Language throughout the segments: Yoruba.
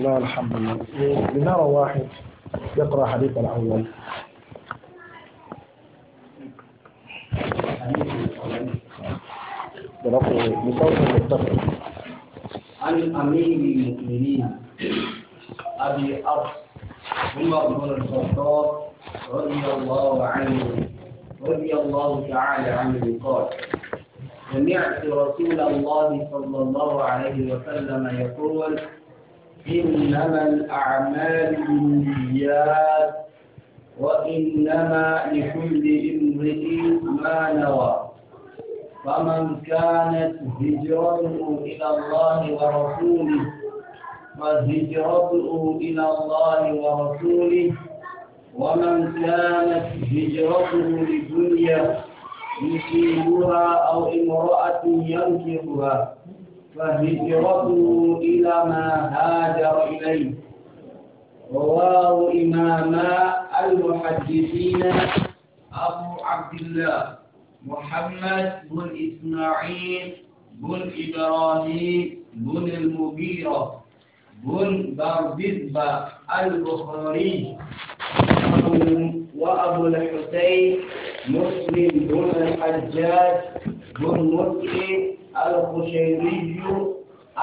الحمد لله لنرى واحد يقرأ حديث الأول بصوت متفق عن أمير المؤمنين أبي أبس عمر بن الخطاب رضي الله عنه رضي الله تعالى عنه قال سمعت رسول الله صلى الله عليه وسلم يقول إنما الأعمال بالنيات وإنما لكل امرئ ما نوى فمن كانت هجرته إلى الله ورسوله فهجرته إلى الله ورسوله ومن كانت هجرته لدنيا يصيبها أو امرأة ينكرها فهجرته إلى ما هاجر إليه رواه إمام المحدثين أبو عبد الله محمد بن إسماعيل بن إبراهيم بن المغيرة بن بردزبة البخاري وأبو الحسين مسلم بن الحجاج بن مسلم الخشيري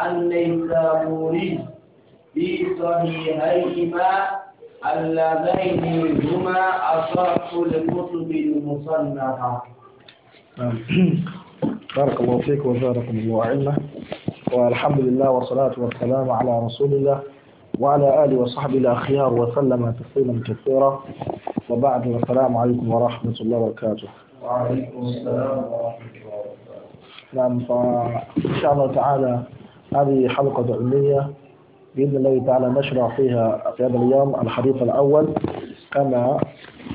النيسابوري في صحيحيهما اللذين هما أصح الكتب المصنفة. بارك الله فيك وجزاكم الله علما والحمد لله والصلاة والسلام على رسول الله وعلى آله وصحبه الأخيار وسلم تسليما كثيرا وبعد السلام عليكم ورحمة الله وبركاته وعليكم السلام ورحمة الله وبركاته نعم فإن شاء الله تعالى هذه حلقة علمية بإذن الله تعالى نشرع فيها في هذا اليوم الحديث الأول كما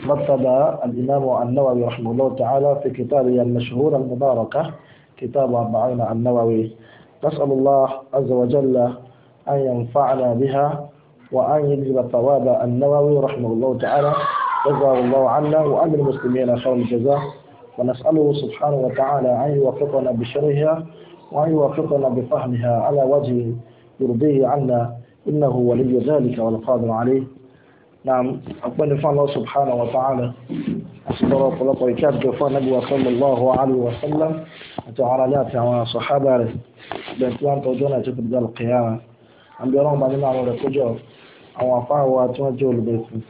رتب الإمام النووي رحمه الله تعالى في كتابه المشهور المباركة كتاب أربعين النووي نسأل الله عز وجل أن ينفعنا بها وأن يجلب ثواب النووي رحمه الله تعالى جزاه الله عنا وعن المسلمين خير الجزاء ونسأله سبحانه وتعالى أن يوفقنا بشرها وأن يوفقنا بفهمها على وجه يرضيه عنا إنه ولي ذلك والقادر عليه نعم أقول فعل الله سبحانه وتعالى أسبر الله ويكاد فعل النبي صلى الله عليه وسلم أتعرى لا تعالى صحابة بأتوان توجونا تكبر القيامة àbí ọlọ́run bá nínú àwọn rẹ̀ kójọ àwọn àfáà wa tí wọ́n jẹ́ olùbẹ̀sìn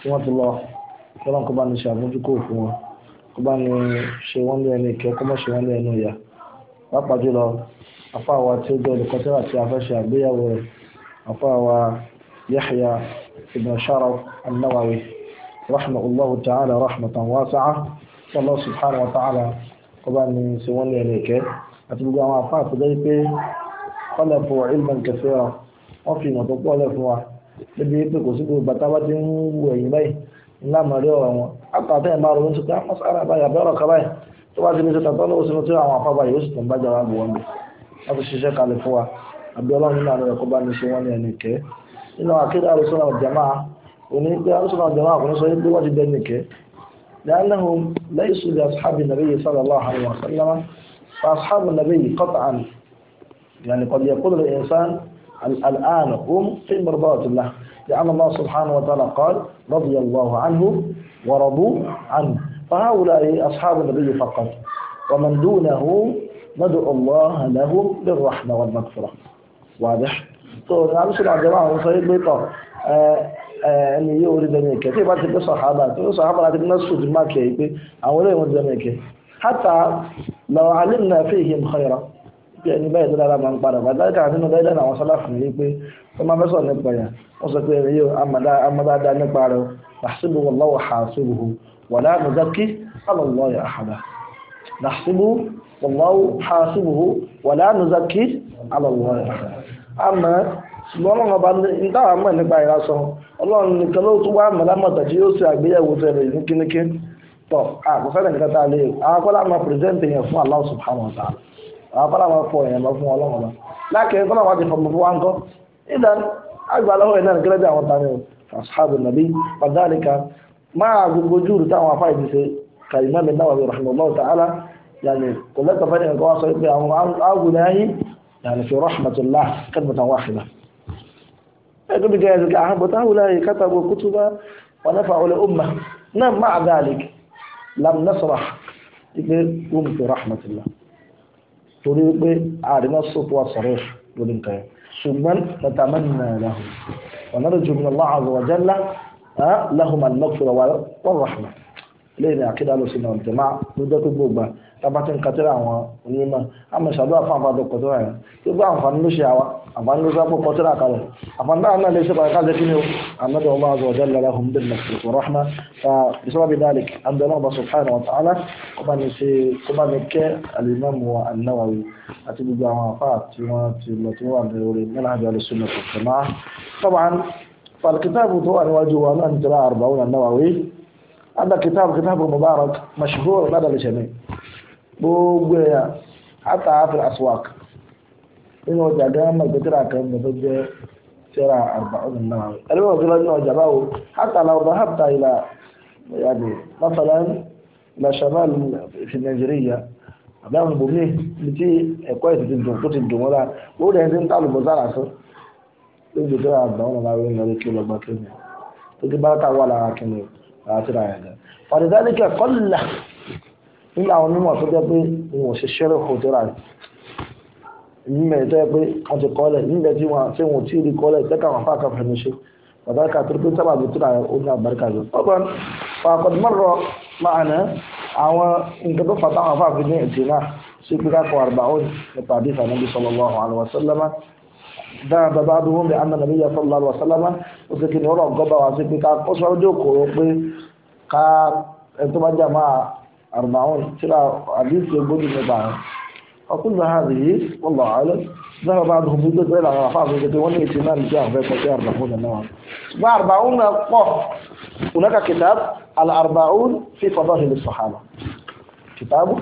tí wọ́n ti lọ kí ọlọ́run kó bá ní ṣe àmójúkò fún wọn kó bá ní ṣe wọ́n ní ẹnu ìkẹ́ kó má ṣe wọ́n ní ẹnu ìyà pàápàá jùlọ àfáà wa tí ó jẹ́ olùkọ́tẹ́rà tí a fẹ́ ṣe àgbéyàwó rẹ̀ àfáà wa Yahya ibn Sharaf an rahmatulahu ta'ala rahmatan wasi'a Allah subhanahu wa ta'ala kó bá ní ṣe wọ́n ní ẹnu ìkẹ́ àti gbogbo àwọn àfáà tó dẹ́ pé kọ́lẹ̀ fún ilman kathira wọ́n fi ìmọ̀ tó pọ̀ lẹ̀ fún wa níbi pé kò sí gbogbo bàtà bá ti ń wù ẹ̀yìn báyìí ńlá màrí ọ̀rọ̀ wọn àtàtà ẹ̀ máa ronú sí pé àwọn ah, sára báyìí àbẹ́ ọ̀rọ̀ kábàáyì tó bá ti ní sọ́tà tọ́lọ́ òsínú tí àwọn afá báyìí ó sì tún bá jà wá bù wọn bẹ̀ wọ́n ti ṣiṣẹ́ kalẹ̀ fún wa àbí ọlọ́run nínú àná ẹ̀kọ́ bá ní ṣe wọ́n ní ẹnì kẹ́ nínú akéde àrùsọ̀nà ọ̀jàmá الآن هم في مرضات الله لأن الله سبحانه وتعالى قال رضي الله عنه ورضوا عنه فهؤلاء أصحاب النبي فقط ومن دونه ندعو الله له بالرحمة والمغفرة واضح طيب نعم يا جماعة سيد بيطا آه، آه، أن يريد أن يكي كيف أتبقى صحابات صحابة لا تبقى نسو جماعة كيبي أولئي حتى لو علمنا فيهم خيرا pé ẹni báyìí tó dára máa ń padà bàtà kà nínú dáadáa àwọn sálàfù yìí pé tó máa fẹ́ sọ̀rọ̀ nípa yà wọ́n sọ pé ẹni yóò amadáadá nípa rẹ̀ làṣíbù wallahu hasibuhu wala nuzakki ala Allahi ahada làṣíbù wallahu hasibuhu wala nuzakki ala Allahi ahada. àmọ́ ṣùgbọ́n wọn bá ń dáhà mọ̀ nípa ìrasọ ọlọ́run nìkan ló tún wá mọ̀lámọ̀tà tí yóò ṣe àgbéyẹ̀wò tẹ̀lé ní kínníkín tọ́ àkọsílẹ̀ nìkan tá a lè àwọn máa pírẹ́sẹ̀ntì yẹn fún Allah subhanahu wa ta'ala àwọn fọlá máa fọ èèyàn lọ fún ọlọ́run lọ lákẹ́ fọlá máa ti fọmọ fún wa ń kọ́ ìdá agbálọ́wọ́ ìnáà gẹ́gẹ́ bí àwọn tani ashabu nabi padàlíkà máa gbogbo júùrù táwọn afá ìdí ṣe kàìmọ́ mi náà wà rahimahullah ta'ala yàní kò lẹ́tọ̀ fẹ́ nìkan wá sọ pé àwọn àgùnà ayé yàní fi rahmatullah kẹ́tùmọ̀tàn wáhìlá ẹgbẹ́ bí gẹ́gẹ́ bí àwọn ìgbé wọn fi rahmatullah torí pé àdínà sọ́pọ̀ àsọ̀rọ̀ lórí nǹkan yẹn ṣùgbọ́n nàtàmánà làhùn ọ̀nà rẹ̀ jùmọ̀ lọ́wọ́ àzọ̀wọ̀jẹ́lá làhùn àlọ́kùnrin wà rahmah lẹ́yìn àkídá lọ sínú ọ̀jọ̀má ló jẹ́ pé gbogbo tábà tí ń ka tẹ́lẹ̀ àwọn onímọ̀ àmọ́ ìṣàdúrà fún àfàdé kọ̀tẹ́rà yẹn gbogbo àǹfààní ló ṣe àwa àǹfààní ló sápò kọ̀tẹ́rà kalẹ̀ àǹfààní náà lè ṣe pàdé káàdé kí ni o àmọ́dé ọba àzọ ọ̀jẹ́ lọ́la hùm bí nà sọ̀rọ̀ rahma ta wa ta'ala kó bá ní ṣe kó bá wọ́n ti lọ tí náà tó هذا كتاب كتاب na مشهور لدى الجميع gbogbo ẹ̀yà hata hafi aswak nínú ọjà gan kan ìgbẹ́tẹ̀rẹ̀ àkàndà tó jẹ́ tẹ́ra àrùbáwọn náà ẹlẹ́wọ̀n hata làwọn hata ìlà fi nàìjíríà àbí àwọn ibòmí ní tí ẹ̀kọ́ àtìrà ẹ̀dá ọ̀dẹ̀dáníkà kọ́lá nígbà àwọn onímọ̀ tó jẹ́ pé wọn ò ṣe ṣẹ́rẹ̀ hòtẹ́rà nígbà tó jẹ́ pé wọ́n ti kọ́lẹ̀ nígbà tí wọ́n tí wọ́n ti rí kọ́lẹ̀ tẹ́ka wọn fáka fẹ̀mí ṣe ọ̀dàkà tó pé sábà bí tóra oní àbáríkà lọ. ọgbọ́n fàkọ̀dé mọ́rọ̀ máa ná àwọn nǹkan tó fàtà wọn fàfi ní ètò náà sí pé kákọ̀ àrùbáwò nípa àdìsá nàbí sallallahu alaihi wasallam dáadáa bá dúró bí anna nàbí yà sallallahu alaihi wasallam ó ti kí ni wọ́n rọ̀ gọ́bà wá sí pé ká ó kòrò pé قال انتم جماعة أربعون ترى عديث يقول لي فكل هذه والله أعلم ذهب بعضهم يدد إلى غرفات وجدت وني اهتمام جاه بيت الشهر نحو النوع وأربعون قف هناك كتاب الأربعون في فضائل الصحابة كتابه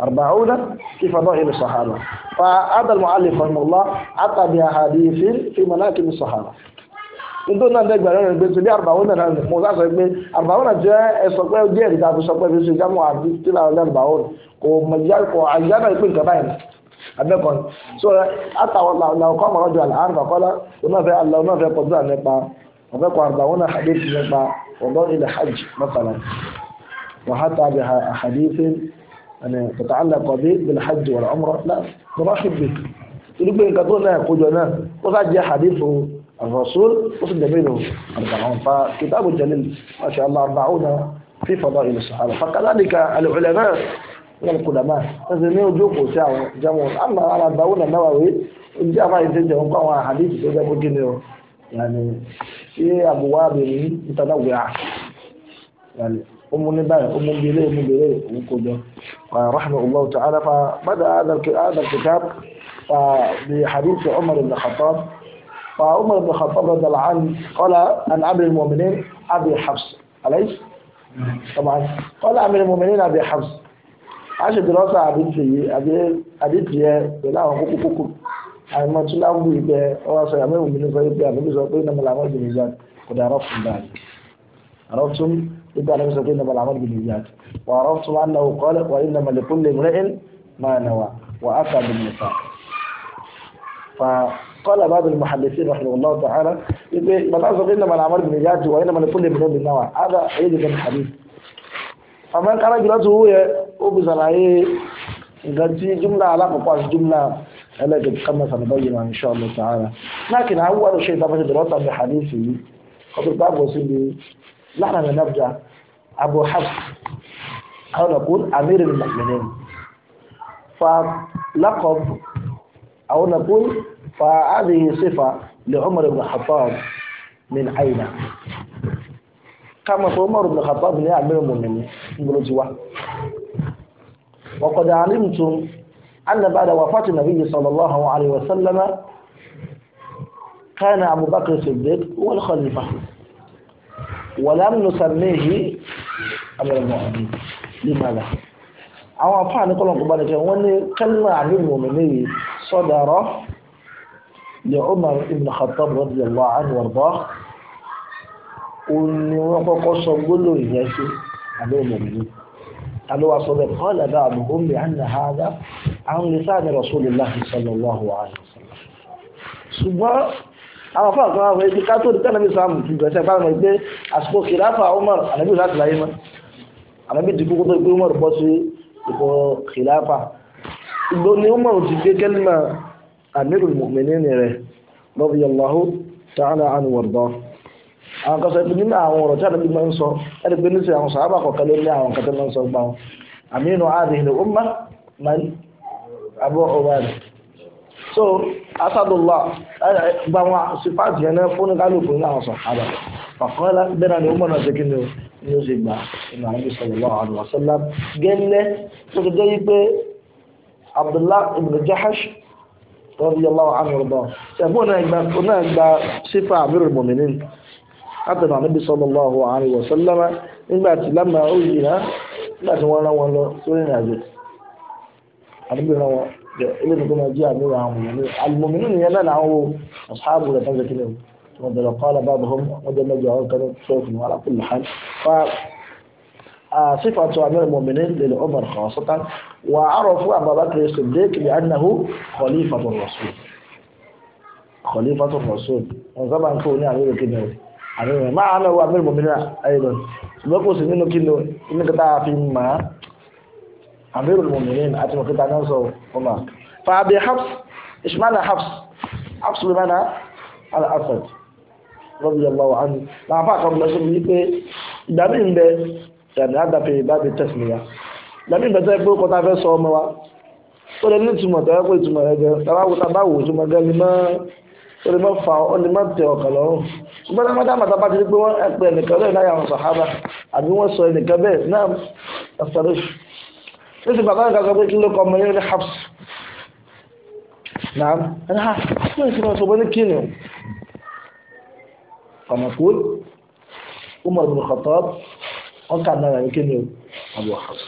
أربعون في فضائل الصحابة فأدى المعلم رحمه الله أتى بأحاديث في مناكب الصحابة nítorí náà dẹ́gbẹ̀ rẹ̀ rẹ̀ pé ṣe bí àrùbáwọ́n náà rẹ̀ mo sáà sọ pé àrùbáwọ́n náà jẹ́ ẹ̀sọ́ pé ó díẹ̀ níta fi sọ pé fi ṣe àti tíra ọ̀lẹ́ àrùbáwọ́n kò mọ̀ àyíká náà pé nǹkan báyìí abẹ́kọ̀ ni so àtàwọn làwọn kọ́ ọmọlọ́jọ́ àlàáfà kọ́lá onáfẹ́ àlọ́ onáfẹ́ kọjá nípa ọ̀fẹ́kọ̀ àrùbáwọ́n náà hadith nípa ọ̀dọ́ ilẹ̀ hajj وحتى به بالحج والعمرة لا نرحب به يقول لك نقول لا يقول لنا وقد جاء حديثه الرسول وتدبيره أربعون فكتاب الجليل ما شاء الله أربعون في فضائل الصحابة فكذلك العلماء من القدماء تزميو جوكو تاو جمعون أما على أربعون النووي إن جاء ما يتجه وقوى حديث يجب جنيو يعني في أبواب متنوعة يعني أم نباية أم بليه أم بليه وكذا فرحمه الله تعالى فبدأ هذا الكتاب بحديث عمر بن الخطاب فعمر بن الخطاب رضي الله عنه قال عن امر المؤمنين ابي حفص اليس؟ طبعا قال امر المؤمنين ابي حفص عاش دراسه عبيدتي عبيدتي بلا حقوقكم àìmọ tí láwùú ibẹ ọwọ sọ yàrá mẹwùn mímú sọyí pé àmì sọ pé nàmàlà àwọn ìbìlì yá kò dé àrọ́fún báyìí àrọ́fún ibẹ àmì sọ pé nàmàlà àwọn ìbìlì yá wà àrọ́fún àná òkọ́lẹ̀ wà ní nàmàlà kún lè mìíràn máa nà wà wà á sàbìlì nìfà. قال بعض المحدثين رحمه الله تعالى من أصدق إنما بن بالنيات وإنما لكل امرئ ما هذا عيد كان حديث أما كان جلاته هو وبزرعه إذا جملة على مقاس جملة لكن كما سنبين إن شاء الله تعالى لكن أول شيء طبعا دراسة بحديثه قبل باب وسيلي نحن نبدأ أبو حفص أو نقول أمير المؤمنين فلقب أو نقول فهذه صفة لعمر بن الخطاب من أين كما عمر بن الخطاب من أمير المؤمنين وقد علمتم أن بعد وفاة النبي صلى الله عليه وسلم كان أبو بكر الصديق هو الخليفة ولم نسميه أمير المؤمنين لماذا؟ àwọn afáàní kọlọ̀kọ̀ bá nìkan wọ́n ní kẹ́lìmọ̀ àmì mòmìnì yìí لعمر بن الخطاب رضي الله عنه وارضاه òun ni wọ́n kọ́kọ́ sọ gbólóhùn ìyẹn sí قال بعضهم alówà هذا عن لسان رسول الله صلى الله عليه وسلم lè sáà ní Rasulullahi sallallahu alaihi wasallam ṣùgbọ́n àwọn afọ àgbà wọn ti ká tó di tẹ́lẹ̀ bí sáàmù ti gbẹ̀sẹ̀ bá wọn gbé àsìkò kìláfà Umar ànábì láti láyé mọ́ ànábì ti kúkú tó gbé Umar bọ́ sí ipò kìláfà ìgbóni Umar ti gbé kẹ́lí amirul mu'minin rẹ̀ radiyallahu ta'ala anhu warḍah àwọn kan sọ pé nínú àwọn ọ̀rọ̀ tí àdàbí máa ń sọ ẹni pé níṣẹ́ àwọn sàábà kọ̀ọ̀kan ló ní àwọn kan máa ń sọ gbà wọn aminu adhihi umma man abu ọwọ́n so asadullah gba wọn sífàtì yẹn náà fún kálukú ní àwọn sàábà fàkọ́lá bẹ́ẹ̀ ni umar náà ṣe kí ni o ni ó ṣe gbà nínú àwọn sallallahu alaihi wasallam gẹ́lẹ́ tó ti jẹ́ yí pé abdullah ibn jahash radiyallahu anhu rọ̀bọ̀ ṣẹ̀gbọ́n náà gba sífà àmírù mọ̀mìnín látọ̀nà ànábì sallallahu alaihi wa sallam nígbà tí lámà ó yìí rá nígbà tí wọ́n rán wọn lọ sórí ìrìn àjò ànábì rán wọn ilé nìkan máa jẹ́ àmírù àwọn mọ̀mìnín àlùmọ̀mìnín nìyẹn náà náà wọ ọ̀sáàbù rẹ̀ tán صفة أمير المؤمنين للعمر خاصة وعرفوا أبا بكر الصديق بأنه خليفة الرسول خليفة الرسول وطبعا كوني أمير كنوي أمير ما أنا هو أمير المؤمنين أيضا لكو سنين كنوي إنك تعرف ما أمير المؤمنين أتم كنت أنسى وما فأبي حفص إيش معنى حفص حفص بمعنى الأسد رضي الله عنه لعفاك رب الأسد يقول إذا من ṣàdé àdàfẹ́ ìbáde tẹ̀síníyà lẹ́mí ìgbẹ́tẹ́ pé kọ́tà fẹ́ sọ ọmọ wa ó lè ní ìtumọ̀ tẹ́wọ́ pé ìtumọ̀ rẹ̀ jẹ́ tàbáwò tàbáwò ìtumọ̀ gẹ́ni mọ́ ó lè mọ́ fa ó lè mọ́ tẹ ọ̀kàn lọ́rùn ṣùgbọ́n táwọn dáàmà tá a bá ti rí pé wọ́n pe ẹnìkan lẹ́yìn láyà àwọn sàhábà àbí wọ́n sọ ẹnìkan bẹ́ẹ̀ náà ẹ̀sẹ̀rẹ̀ṣù ah, Umar bin Khattab ọkà náírà ní kíni o Abu Hafs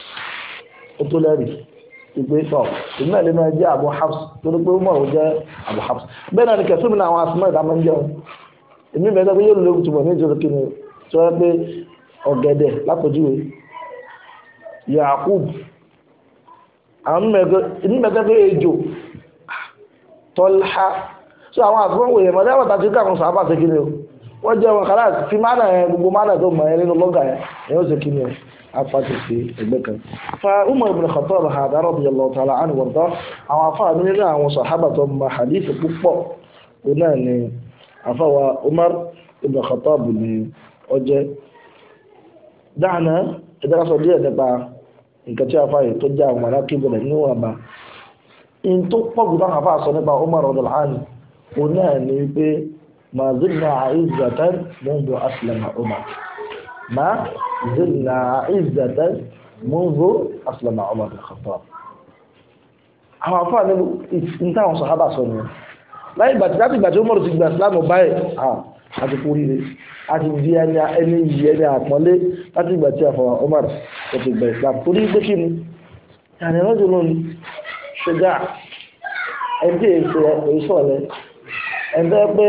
ó tó lẹ́rìí ìgbé sọ ìlú náà lè máa jẹ́ Abu Hafs torí pé Umar jẹ́ Abu Hafs bẹ́ẹ̀ náà ni kẹsùn mi náà àwọn asọ́mọ́ ìdá máa ń jẹun èmi bẹ́ẹ̀ sọ pé yóò lóògùn túbọ̀ ní ìjọba kíni tó yẹ pé ọ̀gẹ̀dẹ̀ lápòjúwe Yakub àwọn mímẹ́gbẹ́ pé ejò Tọ́lá so àwọn àtúnwò èèyàn mọ̀ wọ́n jẹ́ wọn kàlá fi mánà yẹn gbogbo mánà tó mọ̀ yẹn nínú lọ́gà yẹn ni ó sì kí ni apáti sí ẹgbẹ́ kan. fa umar ibn khattab hada radiyallahu ta'ala anhu wọ̀ntọ́ àwọn afáà mi nínú àwọn sàhábà tó mọ̀ hadith púpọ̀ ó náà ni afáwa umar ibn khattab ni ó jẹ́. dáhànà ẹ̀dá sọ díẹ̀ nípa nǹkan tí afáà yìí tó jẹ́ àwọn alákìbọ̀ rẹ̀ níwọ̀n ba. in tó pọ̀ gùdá afáà sọ nípa umar radiyallahu anhu ó náà ni pé ما زلنا عزة منذ أسلم عمر ما زلنا عزة منذ أسلم عمر بن الخطاب àwọn afọ àná níta àwọn sàhábà sọ ni láì ìgbà tí láti ìgbà tí ó mọ̀rọ̀ ti gba ìsìlámù báyìí àti kú rire àti di ẹni ẹni yìí ẹni àpọ́nlé láti ìgbà tí àfọwà Umar kò ti ìsìlámù torí pé kí ni ìyànnì lọ́jọ́ lónìí ṣẹgà ẹni tí èyí sọ̀rọ̀ ẹni tó yẹ pé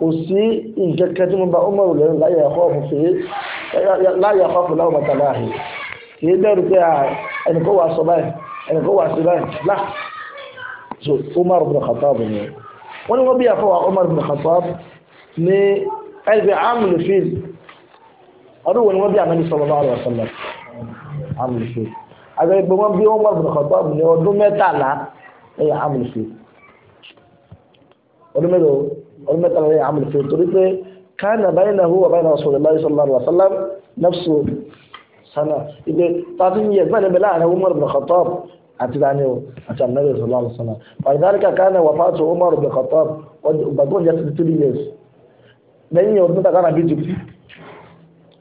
kò sí ìjẹkẹ tí mo bá Umaru lẹ́nu láyé ẹ̀kọ́ ọ̀fun fèé láyé ẹ̀kọ́ ọ̀fun láwọn mọ̀tàlá rẹ̀ kìí bẹ̀rù pé ah, ẹnìkó wà sọ báyìí ẹnìkó wà sí báyìí lá so Umaru bin Khattab ni wọ́n ní wọ́n bí àfọwà Umaru bin Khattab ní ẹgbẹ́ amúlù fíìl ọdún wo ni wọ́n bí àmì sọ̀rọ̀ bá mẹ́tàlá ẹ̀yà amúlù ọdún mẹ́tàlá ọdún mẹ́ta lẹ́yìn Amr Fihri torí pé kana baynahu wa bayna Rasulullahi sallallahu alaihi wasallam nafsu sana ibi tààtí yẹ gbọ́n níbi láàrin Umar bin Khattab àti dání o àti Annabi sallallahu alaihi wasallam fàdídàlíkà kana wafatu Umar bin Khattab ọgbàgbọ́n jẹ́ thirty three years lẹ́yìn ọdún mẹ́ta kánà bí ti kú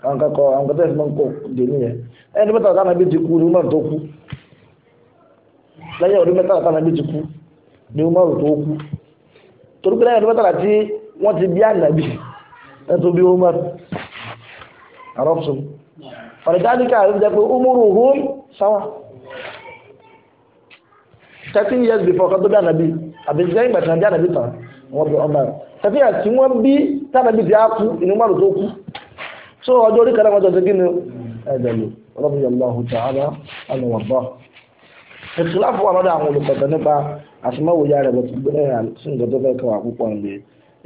àwọn kakọ àwọn kẹtẹ fún mi kọ dè nìyẹn ẹni mẹ́ta kánà bí ti kú ni Umar tó kú lẹ́yìn ọdún mẹ́ta kánà bí ti kú ni Umar tó kú torí pé lẹ́yìn ọdún mẹ́tàlá tí wọ́n ti bí ànàbí ẹ̀tọ́ bí Umar arọ́pùsùn fàrídáníkà ló pé umuru hum sáwà 13 years before kan tó bí ànàbí àbí sẹ́yìn gbàtàn bí ànàbí tàn wọ́n bí ọmọ rẹ̀ tàbí àti wọ́n bí tànàbí ti á inú Umar tó kú so ọjọ́ orí kanáà wọ́n jọ sí kí ni ẹ̀dẹ̀lú rọ́bìyàn lọ́hùn tààrà àwọn ọ̀bọ̀ asmawo ya rẹ̀ bẹ̀tù gbẹ́rẹ́ yà sún gẹ́gẹ́ bẹ́ẹ̀ kọ́ àkókò ọ̀nbẹ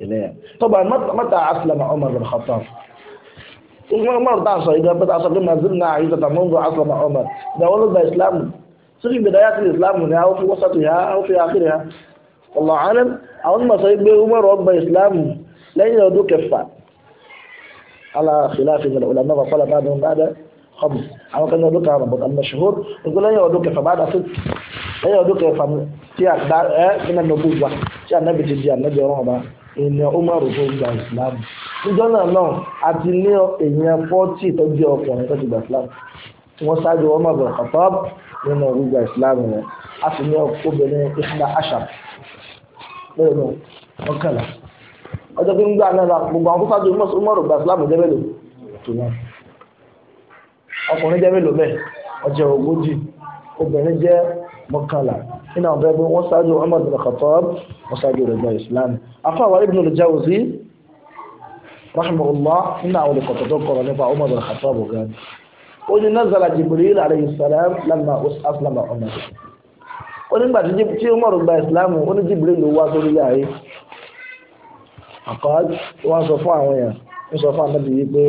ilẹ̀ yà. tọ́ba mẹ́ta asilama Umar bin Khattab Umar tá a sọ ìgbà pẹ́ta sọ pé mazin náà àyíká tà mọ́ngbọ́ asilama Umar ìgbà wọn ló gba islam sórí ìgbà dáyà sí islam ni àwọn fi wọ́sàtò yà àwọn fi àkìrì yà. ọ̀là àlẹ́ àwọn ọmọ sọ pé Umar ọgbà islam lẹ́yìn ọdún kẹfà ala khilafi al ulama wa qala ba'dhum ba'da khams àwọn kan ní ọdún karùn-ún but al-mashhur nígbà lẹ́yìn ọdún kẹfà bá dà sí lẹ́yìn ọdún kẹfà tí a dá ẹ́ nínú ẹ̀mọ́gbó wa tí ànábì ti di ànábì ọ̀rọ̀ ọba ènìyàn Umaru tó gba Islam níjọ́ náà náà a ti ní èèyàn fọ́tì tó jẹ́ ọkùnrin tó ti gba Islam tí wọ́n ṣáájú wọn máa bẹ̀rẹ̀ Khattab nínú gbígba Islam rẹ̀ a sì ní obìnrin ìṣúná àṣà lẹ́yìn ọkàlà ọjọ́ pé ń gbà náà gbogbo àwọn tó ọkùnrin jẹ́ mélòó bẹ́ẹ̀ ọjọ́ ogójì obìnrin jẹ́ mọ́kànlá nínú àwọn bẹ́ẹ̀ bí wọ́n ṣáájú Umar bin Khattab wọ́n ṣáájú rẹ̀ gba Islam afáwa Ibn al-Jawzi rahimahullah nínú àwọn olùkọ̀tọ̀ tó kọ̀rọ̀ nípa Umar bin Khattab gan ó ní nazala Jibril alayhi salam lamma aslama Umar ó nígbà tí Umar gba Islam ó ní Jibril ló wá sórí yàrá àkọ́ wọn sọ fún àwọn èèyàn ń sọ fún àbẹ̀bí yìí pé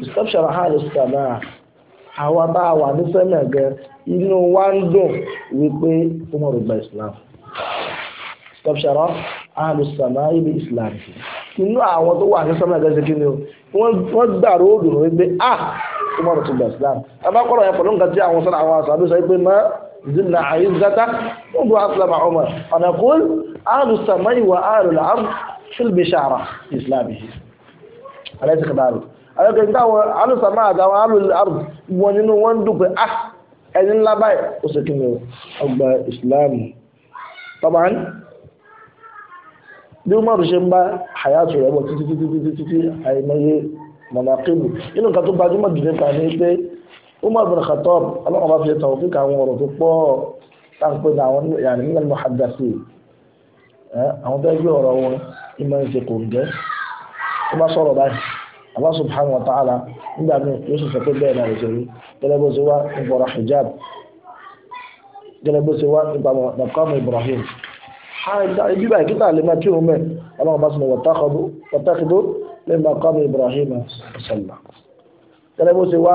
ìsọ́pṣọ̀rọ̀ hàn ló sọ̀rọ̀ àwa bá a wà ní sẹ́mẹ̀ gan inú wa ń dùn wípé Umar gba Islam tọ́pṣàrọ́ alùsàmá ibi Islam inú àwọn tó wà ní sẹ́mẹ̀ gan ṣe kí ni o wọ́n gbàrú òdùn wípé ah Umar tó gba Islam abákọ̀rọ̀ yẹn pẹ̀lú nǹkan tí àwọn sọ́nà àwọn àṣà àbíṣe pé mọ́ zilna àyíṣẹ́ta wọ́n bu Islam Umar ọ̀nà kúl alùsàmá ìwà alùlà fil bishara Islam yìí alẹ́ ti kàdá rẹ̀ àlọ́kẹ́ ní táwọn alùsàmá àtàwọn alùlárù wọn nínú wọn ń dùn pé ah ẹni ńlá báyìí ó sì kíni ọgbà ìsìláàmù tọ́ba ń bí umaru ṣe ń bá hayatu rẹ̀ bọ̀ títí títí títí títí àìmọye mọ̀nàkébù inú nǹkan tó gbajúmọ̀ jù nípa ni pé umar bin khattab ọlọ́run bá fi tàwọn fi kà àwọn ọ̀rọ̀ tó pọ̀ táǹpé ní àwọn yàrá nílẹ̀ muhaddasi àwọn tó ń gbé ọ̀rọ̀ wọn ìmọ̀ ìṣèkò ń gẹ́ tó bá sọ̀rọ̀ báyìí Allah subhanahu wa ta'ala nígbà míì yóò sì sọ pé bẹ́ẹ̀ náà lè ṣe rí gẹ́lẹ́ bó ṣe wá nípa ọ̀rọ̀ hijab gẹ́lẹ́ bó ṣe wá nípa maqam Ibrahim ibi báyìí kíta lè máa kí òun mẹ́ ọlọ́run bá sọ wọ́tákìdó lè máa maqam Ibrahim sọ̀lá gẹ́lẹ́ bó ṣe wá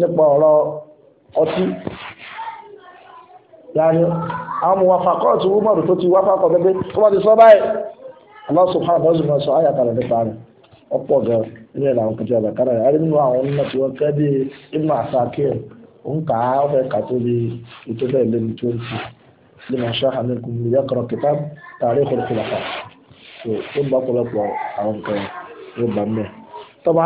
nípa ọ̀rọ̀ ọtí yàrá àwọn muwafaqatu Umaru tó ti wáfàkọ̀ gẹ́gẹ́ tó bá sọ báyìí Allah subhanahu wa ta'ala ọ̀pọ̀ gẹ́rẹ́ ilé ẹ̀ làwọn kan ti àbàkárà rẹ̀ àrí nínú àwọn onímọ̀ tí wọ́n kẹ́ bí ibnu asakir ń kà á fẹ́ kà tó bí ètò bẹ́ẹ̀ lé ní twenty ní ma ṣáà ní kùn lè yàkọ̀rọ̀ kìtà tààrí ìkọ̀rọ̀ kìlà kan tó tó ń bá pọ̀lọpọ̀ àwọn nǹkan yóò bá mẹ́. tọ́ba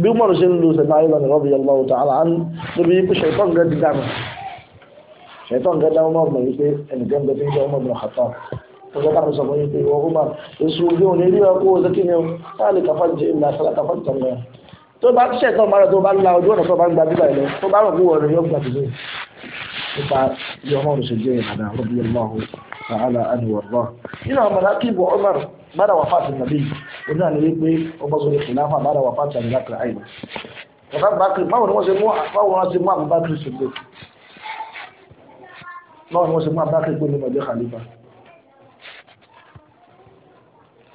bí umaru ṣe ń lu sẹ́mi ayé lọ́nà rọ́bì yàrá lọ́wọ́ tààlà án níbi yìí pé ṣètọ́n gẹ́gẹ́ dáná ṣètọ́n gẹ́gẹ́ dáná umaru ọjọ́ káàmù sọ fún yín pé ìwọ́n kúmà èso ojú òun ní ọkọ ọjọ́ kí ni ó táà lè kàfà jẹ ìlà sọlá kàfà tọ̀nà tó bá tíṣẹ̀ tó máa rẹ̀ tó bá la ojú ọ̀nà tó bá ń gba bíbá ilẹ̀ tó bá rọ̀ kú wọ̀ọ̀rẹ̀ yóò gbà bíbá nípa bí ọmọ rẹ̀ ṣe jẹ́ ìhàdà rọ̀bí ọlọ́hùn sàhálà àníwọ̀rọ̀ nínú àwọn mọ̀lá kí ibò ọmọ rẹ̀ bára wà fàtì nàbí oní àná yé pé ọmọ sọ lè fìlà fà bára wà fàtì ànílákìlá àìmọ̀ ọ̀gá bákìrì báwo ni wọ́n ṣe mú báwo ni wọ́n ṣe mú àbúbákìrì ṣe gbé báwo ni wọ́n ṣe mú àbúbákìrì gbé ní ọjọ́ khalifa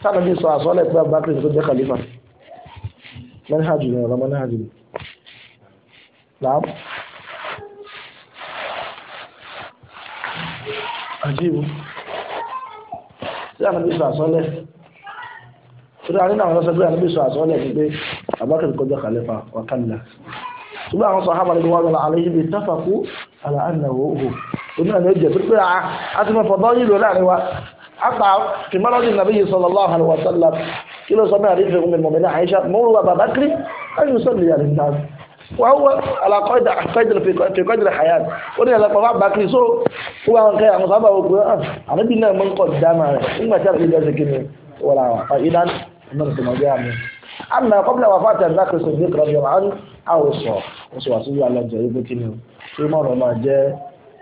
sáà nàbí sọ àsọ́lẹ̀ pé abubakar tó jẹ́ khalifa manhajù ni ọ̀rọ̀ manhajù ni naam àjíìbù sáà nàbí sọ àsọ́lẹ̀ torí àwọn nínú àwọn ọ̀sẹ̀ pé ànábì sọ àsọ́lẹ̀ ni pé abubakar kó jẹ́ khalifa ọ̀kànlá ṣùgbọ́n àwọn sọ̀hábà níbi wọn lọ àlẹ́ yìí tafaqu ala annahu òhù onínàlẹ́ jẹ́ pé a ti mọ̀ fọ́dọ́ yìí lọ láàrin wa أطعم في مرض النبي صلى الله عليه وسلم كيلو سمع حديث أم المؤمنين عائشة مر أبا بكر أن يصلي للناس وهو على قيد قيد في قيد الحياة ولي على طبعا بكر سو هو أن كان مصابه وقول أنا بينا من قدامه إما تعرف إذا سكني ولا فإذا من تمجامي أما قبل وفاة البكر الصديق رضي الله عنه أوصى وصواصية على جريبة كنيو ثم رمى جاء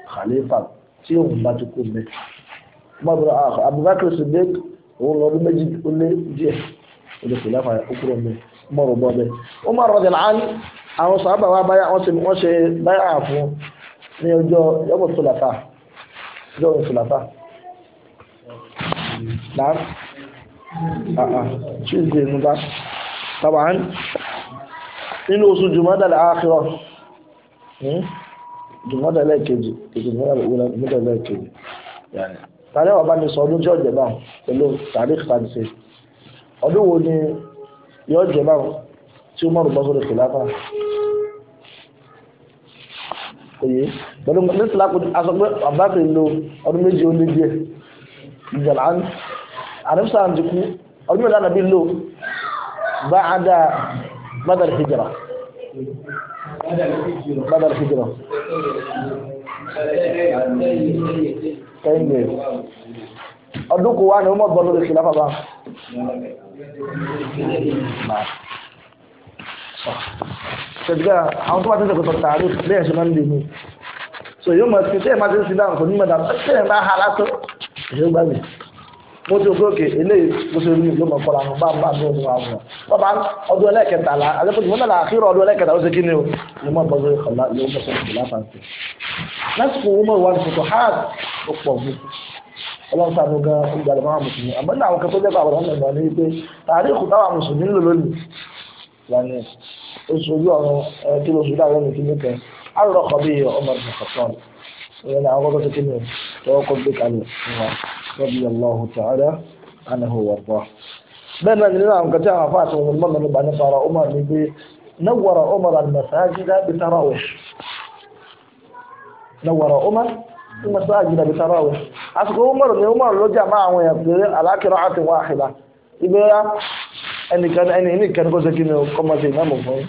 خليفة tí òun bá tó kó mẹ́ta mọ́bùrọ̀ àkọ́ Abubakar Siddiq òun lọ ọdún méjì ó lé díẹ̀ ọdún kò láfa okúrò mi mọ̀rọ̀ bọ́ bẹ́ẹ̀ ó máa rọ̀jẹ̀ láán àwọn sábà wa báyà wọ́n ṣe wọ́n ṣe báyà fún ní ọjọ́ yọ́mọ̀ tòlàfà ọjọ́ yọ́mọ̀ tòlàfà láàm tuesday ní bá tàbán nínú oṣù jùmọ́dàlẹ̀ àkírọ̀ jùmọ́dàlẹ̀ kejì jùmọ́dàlẹ̀ kejì yàrá tàlẹ́ wàá bá mi sọ ọdún tí ọ̀jẹ̀ náà pẹ̀lú tàríkì tàbíṣe ọdún wo ni yóò jẹ náà tí ó mọ̀rún bọ́ sórí kìláfà òye pẹ̀lú ní tìlápù aṣọ pé àbáfẹ́ lo ọdún méjì ó lé díẹ̀ ìjọba àdébísà àti kú ọdún mẹ́ta nàbí lo bá a dá bàdàlì hijira bàdàlì hijira ten years ọdún kò wá ní ọmọ gbọ́dọ̀ lè ṣìlá bàbá. ṣèjìgá àwọn tó bá ti ń tààrí lẹ́yìn ṣe máa ń lè mú so yóò mọ̀ sí ṣé ẹ̀ máa ti ń sí dáhùn kò ní mọ̀ dáhùn ṣé ẹ̀ máa ha lásán ìṣèjọba mi mo ti gbé òkè eléyìí mo ti rí ìlú mọ̀kọ́ra àwọn bá bá bó ọdún àwọn bàbá ọdún ẹlẹ́kẹtàlá alẹ́kùnrin mọ́tà làkírọ̀ ọdún ẹlẹ́kẹtàlá ó ṣe kí ni o ni mo bọ́ sórí ló ń bọ́ sórí kọ̀lá lásìkò owó mọ̀ ìwádìí tuntun hard ó pọ̀ bí ọlọ́run sáà ló gan ìgbàlẹ̀ máa mùsùlùmí àmọ́ ní àwọn kan tó jẹ́ pàwọn ọmọ ìgbà ní pé tàríkù táwa mùsùlùmí ń lò lónìí yàní oṣù ojú ọ̀run kí lóṣù dáa radiyallahu ta'ala anhu wàrà. bẹ́ẹ̀ náà nínú àwọn kàtí àwọn afáàtì wọn mọ́nà ló bá ní fara umar ní pé nawara umar al-masajida bi tarawih nawara umar al-masajida bi tarawih àsìkò umar ni umar ló jà máa àwọn èèyàn pé ala qira'atin wahida ibẹ̀ ẹnìkan ẹni ẹnìkan kó ṣe kí ni kọ́mọ̀tì ìmáàmù fún yín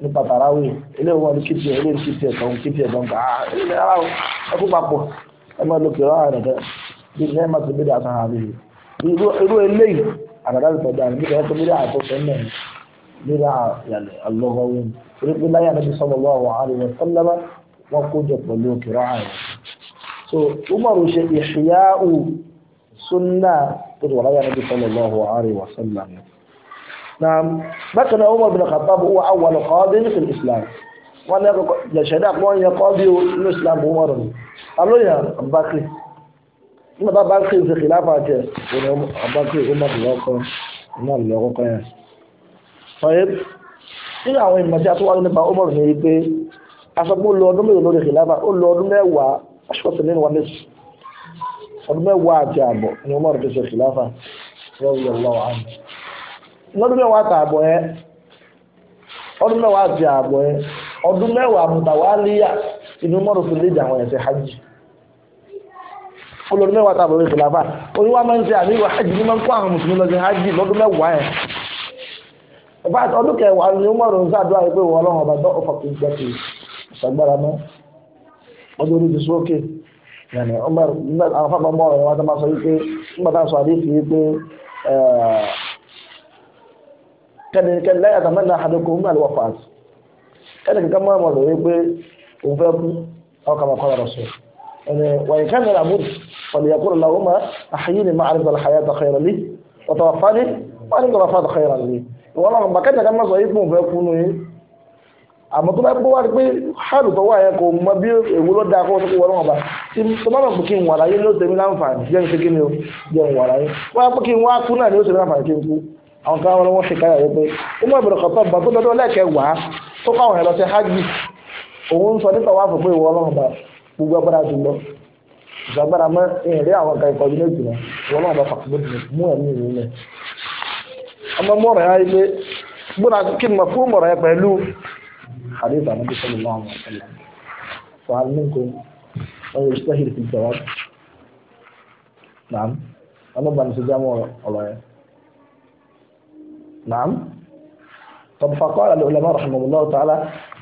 nípa tarawih ilé wọn kìtì ẹ̀ ilé kìtì ẹ̀ kan kìtì ẹ̀ kan kà á ilé ara ah, ẹkú papọ̀ اما لو قراءه آه، دي ما تبدا عشان هذه يروح يروح الليل على ذلك فدان بدا يكتب لي على طول فين لرا يعني اللغوين رب الله يعني صلى الله عليه وسلم وقود بلو قراءة سو عمر شيء إحياء سنة قد ولا يعني صلى الله عليه وسلم نعم ما كان عمر بن الخطاب هو أول قاضي في الإسلام وأنا لشهد أقوان يقاضي الإسلام عمر alóyè abakiri nígbà tá abakiri ṣe kìláfà jẹ òun abakiri ó má bìí ọkọ náà lè ọkọ kọ yẹn. ọ̀yẹ́ nínú àwọn ìmọ̀ tí a tó wá nípa Umar ní i pé asọ́pọ̀ ó lo ọdún mélòó lórí kìláfà ó lo ọdún mẹ́wàá aṣọ́sẹ̀ nínú wa méjì ọdún mẹ́wàá àti àbọ̀ ni Umar fi ṣe kìláfà rọ́ọ̀lù ọlọ́wọ́ àná. lọ́dún mẹ́wàá àtààbọ̀ yẹn ọdún mẹ́wàá àti àbọ̀ yẹn ọdún mẹ́wàá mùtàwálíyà ìbí mọ́rọ̀ fún léde àwọn ẹ̀sẹ̀ hajj olórí mẹ́wàá tàbí orí ìfìlàfà oníwà máa ń ṣe àmì ìwà hajj ní máa ń kó àwọn mùsùlùmí lọ sí hajj lọ́dún mẹ́wàá ẹ̀ ìfà ọdún kẹwàá ni ó mọ̀rọ̀ ń sàdúrà pé wọ́n ọlọ́run ọba dọ́ọ̀ fọ́kì ń gbẹ́kì ìṣàgbára mọ́ ọdún orí ti àwọn tó máa sọ a sọ òun fẹ́ kú ọkà máa kọ́ra rọ̀ṣọ́ ẹni wàyí ká nira àmúrù wàlẹ̀ yẹ kúrò làwọn máa àhàyè ni máa àrígbà àhàyè àti àkàyèrè lé ọ̀tọ̀ wà fani máa àrígbà àfà àti àkàyèrè lé ìwọ náà bàkà jẹ́ ká má sọ ipò òun fẹ́ kú nù yín àmọ́ tó bá gbọ́ wá rí pé hàlù tó wà yẹn kò mọ bí èwo ló dáa kó tó kó wọlé wọn bá tí tó bá mọ̀ kí n wà láyé ló tẹ̀mí láǹfààní jẹ́ n ṣe o jẹ́ n wà láyé wọ́n pé kí n wá kú náà ni ó tẹ̀mí láǹfààní kí n kú àwọn kan wọn ṣe káyà rẹ pé ó mọ̀ ìbẹ̀rẹ̀ kọ̀tọ̀ bọ̀ tó dọ́dọ́ lẹ́ẹ̀kẹ́ wàá tó káwọn yẹn lọ sí hajj òun sọ nípa wàá fòpé ìwọ ọlọ́run bá gbogbo agbára tó lọ ìgbàgbára mọ ìrìn àwọn kan ìkọjú méjì lọ ìwọ ọlọ́run bá fàkúrò mú ẹ̀mí ìlú lẹ̀. ọmọ mọ̀rọ̀ ya ilé gbọ́dọ̀ kí ni mo fún mọ̀rọ̀ ya pẹ̀lú hadith anabi sallallahu alaihi wa sallam fa alimkum wọn yóò sọ jawab naam ọmọ bàmí sọ jámọ ọ̀rọ̀ yẹn naam tọ́pù fàkọ́ ta'ala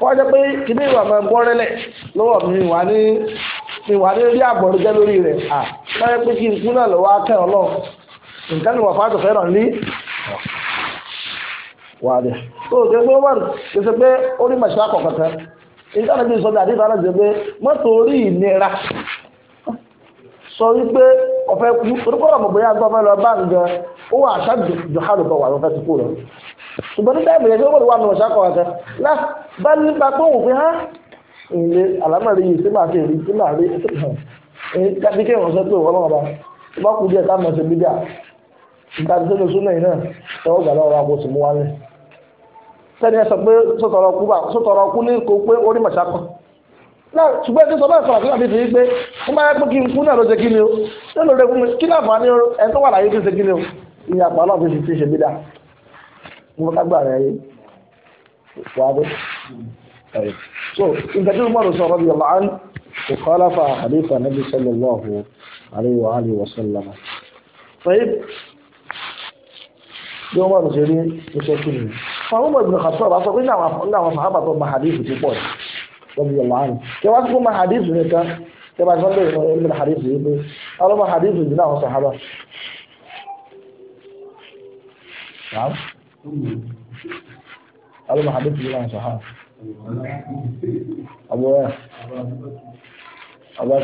kọ́ jẹ́ pé kíní ìwà máa gbọ́rẹ́lẹ̀ lọ́wọ́ mi wà ní mi wà ní rí àgbọ̀rún jẹ́ lórí rẹ̀ à lọ́wọ́ pé kí n kú náà lọ́wọ́ akẹ́ ọlọ́run nǹkan ni wà fún àtọ̀fẹ́ náà ní wà á dẹ̀ tó o jẹ́ pé ó wà kí n ṣe pé ó ní màṣá kọ̀ọ̀kan tán ìtàn àbí sọ́dọ̀ àti ìtàn àti pé mọ́tò orí ìnira sọ wípé ọ̀fẹ́ kú orúkọ ọ̀rọ̀ mọ̀ bóyá gbọ́ fẹ́ lọ bá nǹkan ó wà àṣà jù ṣùgbọ́n ní táìpù yẹn tí ó bọ̀ wà nù ṣàkọ̀ àṣà lá bá nípa tó wù pé hán ìlé àlámọ̀rí yìí sí màá fi rí sí màá rí kábí kí ìrànṣẹ́ tó wọ́n lọ́wọ́ bá tó bá kú díẹ̀ ká mọ̀ sí bídà ìgbà tó lè súnà yìí náà tẹ́wọ́ gbà lọ́wọ́ àpò sì mú wálé sẹ́ni ẹ sọ pé sọ̀tọ̀rọ̀ kú bá sọ̀tọ̀rọ̀ kú ní kó pé ó ní màṣákọ̀ náà ṣùgbọ́n ẹni sọ bá sọ̀rọ̀ sí àbí fi pé ó máa pé kí n kú náà ló ṣe kí ni o ṣé lóore fún mi kí náà fà á ní ẹni láyé kí n ṣe kí ni o ìyàpá náà fi ṣe mo kágbà rẹ̀ yé wàdé ẹ̀yẹ. so nǹkan tí Umar sọ rọ́bì ọ̀la án kò kọ́lá fa àdéfà nàbí sallallahu alayhi wa alihi wa sallam. fẹ́yìn bí Umar sọ rí mo sọ kí ni. fáwọn ọmọ ìbùnú kàtúwà bá sọ pé ní àwọn sàhábà tó máa hadith ti pọ̀ rọ́bì ọ̀la án kí wọ́n ti kó máa hadith nìkan kí wọ́n ti sọ lórí ẹ̀mí hadith yìí pé àwọn ọmọ hadith yìí náà sàhábà. قالوا ما حدث لنا صحاب أبو إيه أبو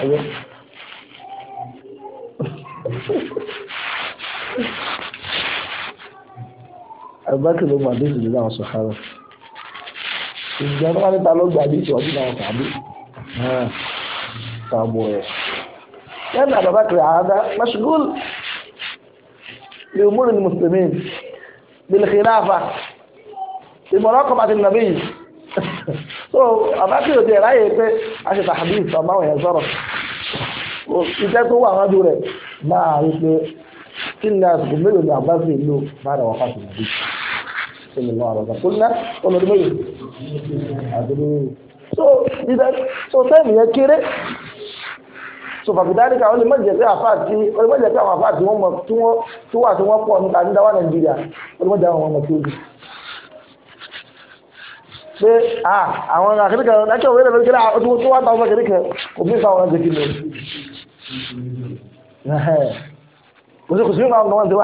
أبو Abubakar ló mọ àdéhùn ìdílé àwọn sọ̀hárà. Ìjọba tó wá níta ló gba àdéhùn ìwádìí náà tàbí tààbọ̀ ẹ̀. Yẹ́nà Abubakar àádá, Mashigul, lè múrin Mùsùlùmí bilkhilafa ìmọ̀ràn kọ́ba ti nàbí yìí so àbákìrò ti ẹ̀ráyè pé a ṣe tàbí ìtọ́mọ́ àwọn èèyàn sọ̀rọ̀ iṣẹ́ tó wà wájú rẹ̀ máa rí pé kí ni àsìkò mélòó ni àbá sí ìlú bára wà fásitì nàbí sínú ìlú àrọ̀gbà tó ná ọmọdé mélòó àdúgbò so ìdá so sẹ́ẹ̀mù yẹn kéré so fàbítáríkà ah, ó lè má jẹ́ pé àfáà tí ó lè má jẹ́ pé àwọn àfáà tí wọ́n mọ̀ tí wọ́n tó wà tí wọ́n pọ̀ níta ní dáwà nàìjíríà ó lè má jẹ́ àwọn ọmọ tó dì pé àwọn akẹ́kẹ́ lẹ́kẹ́ òwe lẹ́fẹ́ kẹ́lẹ́ àwọn tó wá táwọn akẹ́kẹ́ kò bí sáwọn ọ̀rẹ́ jẹ́kí lọ kò sí kò sí nípa ọ̀nà wá dúdú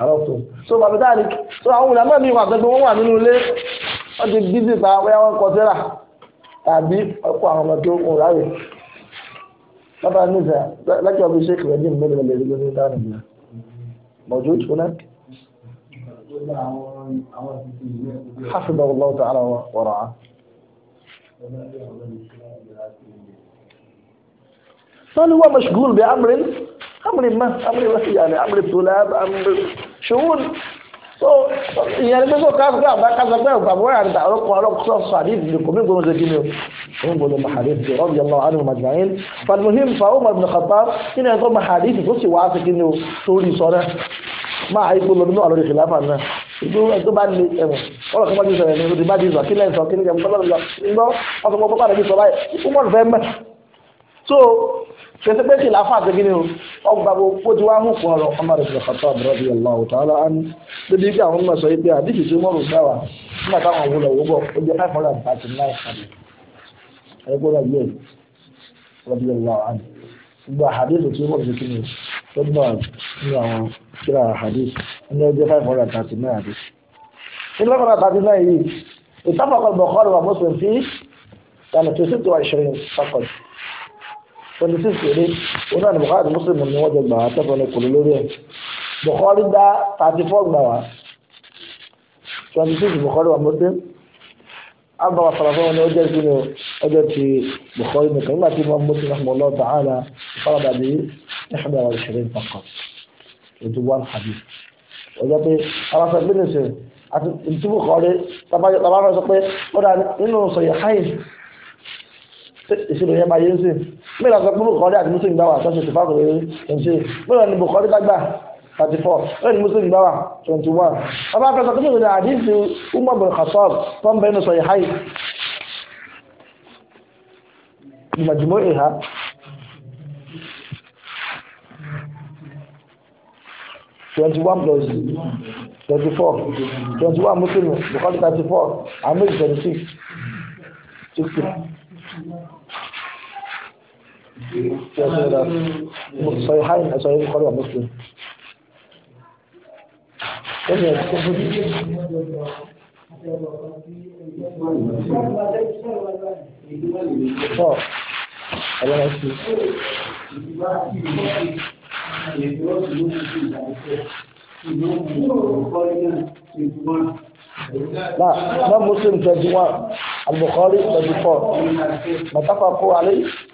àwọn tó so fàbítáríkà so àwọn olùdámọ̀ mi wà pẹ́pẹ́ wọ́n wà nínú ilé wọ́n ti bí طبعا نزع ابو شيخ بعدين من اللي يقول الان موجود هناك حفظه الله تعالى ورعاه صار طيب، هو مشغول بأمر أمر ما أمر يعني أمر الدولاب أمر شؤون so ìyẹn ní pípọ̀ káfíńkà àgbà kásọ pé ọgbà bọ́ọ̀rẹ́ àdìgbà ọlọ́kùnrin ọlọ́kùnrin ọ̀sọ̀ àdìsí ni kò mí gbọ́dọ̀ ṣe kíni o òun gbọ́dọ̀ mahadisi ọ̀bì ọlọ́ àdìmọ̀ màjìmáyìn fàlùmọ́hìm fa Umar bin Khattab nínú ẹ̀kọ́ mahadisi tó sì wá sí kíni o sórí sọ́nà máa ayípo lọ nínú àlọ́rẹ̀ ìlànà náà ìdú ẹjọ́ bá ní ẹ̀wọ̀n ọ̀rọ̀ kan bá ti sọ̀rọ̀ ẹ̀mí ọdún bá so kẹsí pé kìlá fún àti gíní ọgbà gbogbo tí wàá mú fún ọ̀rọ̀ Umar ibn Khattab radiyallahu ta'ala anhu níbi kí àwọn ọmọ sọ yìí pé àdìsí tí wọn rò gbà wá nígbà táwọn òwúlọ wọgbọ ó jẹ five hundred and thirty nine kàdé ẹgbẹ́ rẹ̀ yẹ e, radiyallahu anhu gbogbo àhàdìsí tí wọn rò kíni tó gbà ní àwọn kíra àhàdìsí ẹni ó five hundred and thirty nine hundred and thirty nine yìí ìtàkùn ọkọ̀ ìbọ̀kọ́ twenty six kéré òun náà ní Bukhari àti Muslim ni wọ́n jọ gbà wá tẹ́fọ́ ní kòló lórí ẹ̀ Bukhari dá thirty four gbà wá twenty six Bukhari wà Muslim àgbà wà sọ̀rọ̀ fún wọn ní ọjọ́ ìgbìn ní ọjọ́ ti Bukhari nìkan nígbà tí wọ́n Muslim rahmu Allah ta'ala ìfaradà bíi ìhàdà wà ìṣẹ̀lẹ̀ ìfàkọ̀ ètò one hadith ọjọ́ pé àwọn sọ àti ìtúbù kọ́lé tàbá fẹ́ sọ pé ó dà nínú sọ̀yẹ̀ háyìn ìṣirò yẹn máa yé sìn mẹ́rin ọ̀sán pé bùkọ́rí àti mùsùlùmí gbà wà ṣọ́ọ̀ṣì tó fáwọn ọ̀rẹ́ ẹ̀ǹṣẹ́ mẹ́rin ni bùkọ́rí gbàgbà thirty four ni mùsùlùmí gbà wà twenty one. ọba akẹ́sọ̀ tó mẹ́rin àdìsí umar bin khatab tó ń bẹ́ẹ̀ ní sọ ìháyì ìmọ̀jùmọ́ ìhà twenty one plus twenty four twenty one mùsùlùmí bùkọ́rí thirty four àmì twenty six sixty. صحيحين صحيح البخاري ومسلم لا ما مسلم 21 البخاري 34 متفقوا عليه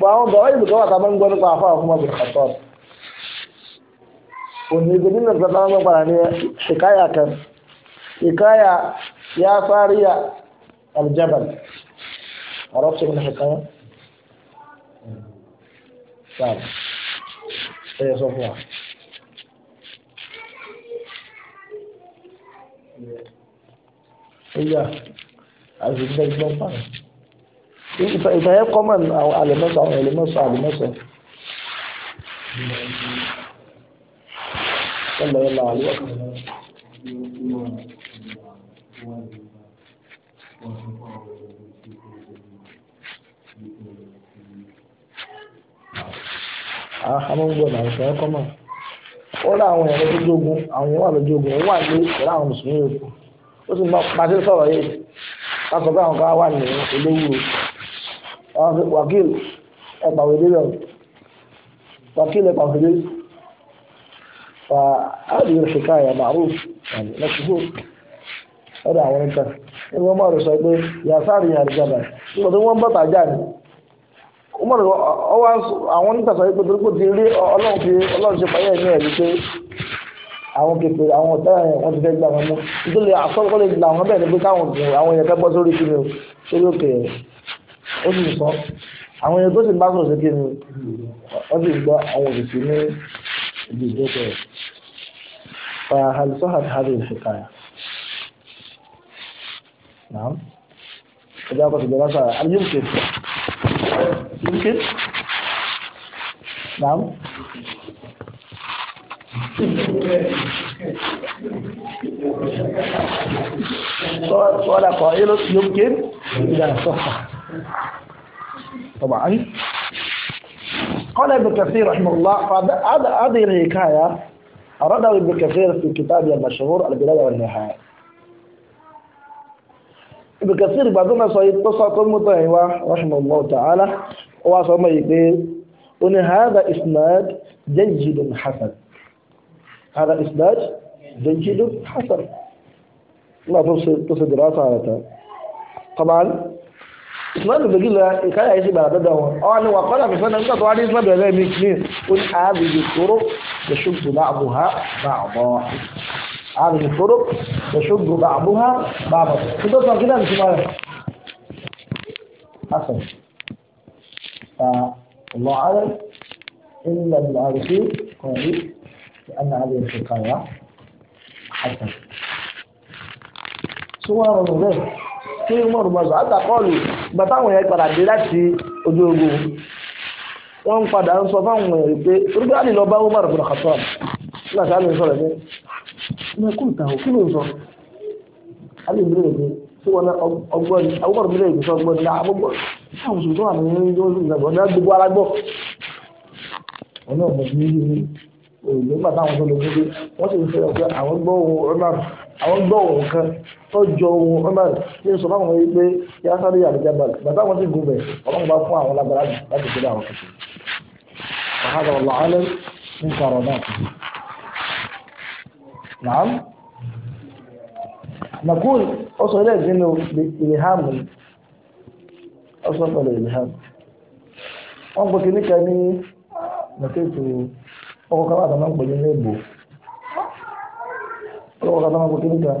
bọ̀ àwọn bọ̀ wáyé bùkọ́ wàtá máa ń gbọ́ nípa àfọ àwọn ọmọ bùkọ́ tọ́ òní ìgbè nínú ìgbà táwọn máa padà ní ìkáyà kan ìkáyà yá sáríyà aljabal ọ̀rọ̀ tó ní ìkáyà sáà ẹ̀yẹ sọ fún wa. Iya, harus kita jumpa. If I have common àwọn àlèmọ́sọ àwọn àlèmọ́sọ àlèmọ́sọ. àmọ́ ah, ń gbọ́dọ̀ àwọn ìfẹ̀yẹ common ó rà àwọn ẹ̀rọ tó jogun àwọn èèyàn wà lójú ogun wà ní ìlà àwọn mùsùlùmí yòókù ó sì mọ pàṣẹ sọ̀rọ̀ yìí lásán pé àwọn kan wà ní olówó wàkìl wakil, débẹ̀ wàkìl ẹ̀pàwé débẹ̀ fa àdìyẹ ṣìkà yà màrú lẹ́kùkù ọ̀dọ̀ àwọn nǹkan ni wọ́n máa rò sọ pé yàtọ̀ àríyàn àdìgbàdà nígbà tó wọ́n bọ́ta já ni umar ọwọ àwọn onítàkọ yìí pẹ̀lú kò ti rí ọlọ́run fi ọlọ́run ṣe fàyà ẹ̀mí ẹ̀ wípé àwọn kẹfẹ àwọn ọ̀tá ẹ̀ wọ́n ti fẹ́ gbà wọn mú nítorí àsọ́kọ́ lè gbà bẹ́ẹ̀ ni pé káwọn gùn àwọn yẹn fẹ́ bọ́ sórí kí ni o sórí òkè ẹ̀ ó sì sọ àwọn ẹni tó sì ń bá sọ̀rọ̀ sókè ni wọ́n sì gbọ́ àwọn òṣìṣẹ́ ní ibi ìjọba ẹ̀ فهل صحت هذه الحكاية؟ نعم إجابة الدراسة هل يمكن؟ يمكن؟ نعم قال قائل يمكن إذا صح طبعا قال ابن كثير رحمه الله هذه الحكاية أرادها ابن كثير في كتابه المشهور البلاد والنهاية ابن كثير بعدما سيد قصة المطيعة رحمه الله تعالى ما يقول أن هذا إسناد جيد حسن هذا إسناد جيد حسن لا تصدر دراسة هذا طبعا ìsìnlẹ́nu gbèjì lọ nǹkan yà si bàrà dọ́dọ̀ wọn ọ̀hún ni wà kọ́lá mi fẹ́ràn nígbà tó wá ní ìsìnlẹ́ mi kí ó ní àbíyí tóró lẹ́ṣọ́gbò bá àbò ha bá àbọ̀ àbíyí tóró lẹ́ṣọ́gbò bá àbò ha bá àbọ̀ nítorí sọ kí náà nìtúmọ̀ rẹ̀ hasan الله أعلم إلا العارفين قالوا بأن هذه الحكاية حسنة سوى رمضان tí wọ́n rò bọ̀sọ̀ àtàkọ́ọ̀lù ìgbà táwọn yẹn padà dé láti ojú ogun wọ́n ń padà ń sọ fáwọn èèyàn pé orúkọ àlè lọ bá Umar bin Khattab nígbà tí àlè ń sọ̀rọ̀ pé ọmọ ẹkú ìta ò kí ló ń sọ àlè ìbílẹ̀ rẹ̀ pé tí wọ́n ọgbọ́n Umar bin Khattab sọ ọgbọ́n nígbà ah, àbúgbọ́ táwọn sùn tó wà ní gbogbo alágbọ́ ọ̀nà ọ̀gbọ̀n ní ìlú òyìnbó nígbà táwọn sọ lọ gbogbo tọ́jọ ohun Umar ní sọ fáwọn yìí pé yá sáré àdìjá bàlẹ̀ bàtà wọn gùn bẹ̀ ọlọ́run bá fún àwọn jù láti gbé àwọn kẹsì. ọ̀la alẹ́ ń sọ̀rọ̀ náà. Nàám. Nàkúl ó sọ ilé ìdí ó sọ pẹ̀lú Wọ́n gbé ní ọkọ̀ ní Ọlọ́wọ́ kan tó máa ń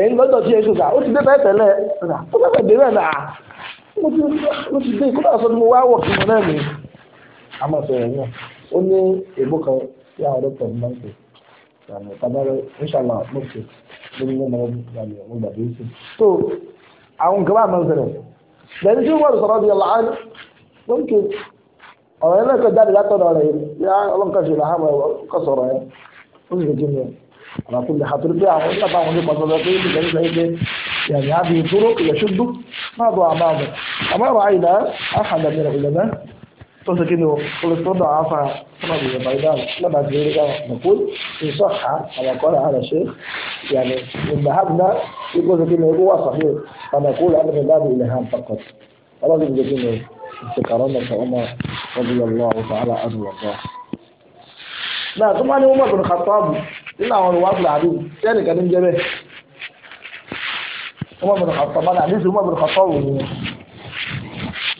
ẹ̀yin lọ́dọ̀ tí yẹn otu ó ti dé bẹ́ẹ̀ tẹ́lẹ̀ ó bẹ́ẹ̀ dé bẹ́ẹ̀ náà mo ti dé kódà sọ mo wá wọ̀ kí mo náà ní. àmọ́ sọ̀rọ̀ náà ó ní ègbó kan tí àwọn dókítà mi máa ń pè yàrá tabarẹ inshàlá mo ṣe lórí ní ọmọ yàrá mo gbàgbé tó àwọn nǹkan báà máa tí wọ́n sọ̀rọ̀ ọ̀rọ̀ yẹn náà kọjá على كل هترجع وانت طبعا المتذوقين زي زي يعني هذه طرق يشد بعضها بعضا أما رأينا أحد من العلماء قلت انه قلت وضعف رضي بيضان لما ذلك نقول ان صح كما قال هذا الشيخ يعني ان ذهبنا يقول انه هو صحيح فنقول ان من باب الهام فقط الله يقول انه عمر رضي الله تعالى عنه وارضاه لا ثم عمر بن الخطاب nínú àwọn olùwàgbà àdó sẹ́ni ne ní ń jẹ́ bẹ́ẹ̀ wọ́n bẹ̀rẹ̀ kàtọ́ bá dàbí ìṣòro wọ́n bẹ̀rẹ̀ kàtọ́ wò ni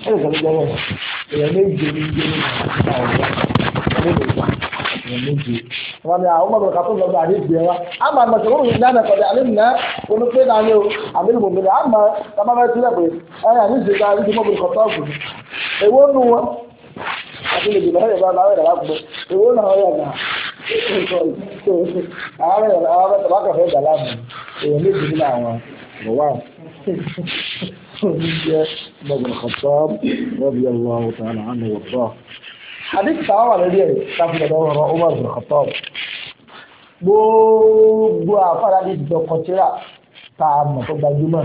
sẹ́ni kan ní jẹ́ bẹ́ẹ̀ èèyàn na ní jẹ́ nípa ọ̀rọ̀ ọ̀rọ̀ èèyàn méje wọ́n ní àwọn bẹ̀rẹ̀ kàtọ́ lọ́dọ̀ àdé ìgbẹ́ wa àmà àmàtà wọ́n yìí dáná kọ́dẹ̀ ya na olùkọ́ náà na o àmì ìbòmìnira àmà tàbábẹ́ tilẹ̀ pé ẹ̀yà na ààrẹ ààrẹ tàbákà fẹ́ dà láàmú èèyàn méjì nínú àwọn ọ̀wá oníjẹ bọ́ọ̀bù kọ̀tọ́ rọ́bì ọ̀wá ọ̀tàn àná àná wọ̀tọ́. hadith táwọn wà lórí ẹ̀ káfí lọ́dọ̀ ọ̀rọ̀ Umar bin Khattab gbogbo àfárá ní dọkọtìrà tá a mọ̀ tó gbajúmọ̀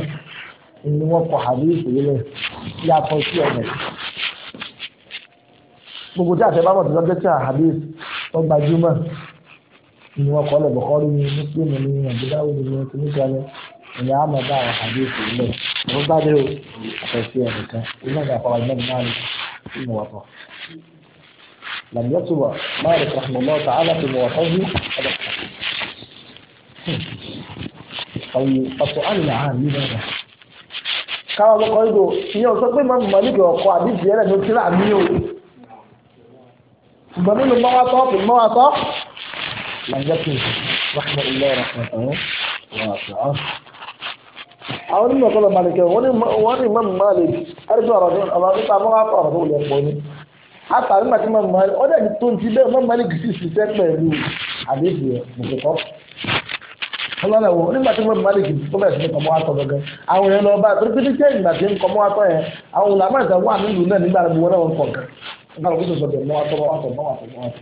ni wọ́n kọ hadith lẹ̀ yàtọ̀ sí ọ̀nà gbogbo tí àṣẹ bá mọ̀ tó lọ́jọ́ tí a hadith tó gbajúmọ̀ ni wọ́n kọ́ lẹ̀ bọ̀kọ́ na ni mùsùlùmí ni àgbédáwò ni wọ́n ti ní kalẹ̀ ìyá àmọ́ bá àwọn àdé ìfò ilẹ̀ wọ́n bá dé o àfẹ́sí ẹ̀nìkan iná ìgbà àpapọ̀ ìmọ̀ ìmọ̀ àlè sí mu wàpọ̀. làbí ọ̀tún wà máa ala káwọn pé máa mọ̀ làǹdẹ́kì rahman ilẹ̀ rahman ọ̀hún wà sọ̀rọ̀. àwọn onímọ̀ kọ́lá malikẹ́ wọ́n ní mọ́ malik ẹ̀rọ ọ̀rọ̀ ọ̀rọ̀ nípa mọ́ wá ọ̀rọ̀ tó wọlé pọ̀ ni. àtàrí màtí mọ́ malik ọ̀dẹ̀ oh, ni tó ń ti bẹ́ẹ̀ mọ́ malik sì sì sẹ́ pẹ̀lú àdébì mùsùlùkọ́. ọlọ́nà wo nígbà tí mọ́ malik tó bẹ̀rẹ̀ sí ní kọ́mọ́ àtọ̀ gẹ́gẹ́ àwọn èèyàn lọ bá a torí pé ní sẹ́yìn ìgbà tí ń kọ́mọ́ àtọ̀ yẹn àwọn olùlàmọ́ ìtàn wà nílùú náà nígbà tí wọ́n náà ń kọ̀ọ̀kan nígbà tí wọ́n sọ̀tọ̀ mọ́ àtọ̀ mọ́ àtọ̀ mọ́ àtọ̀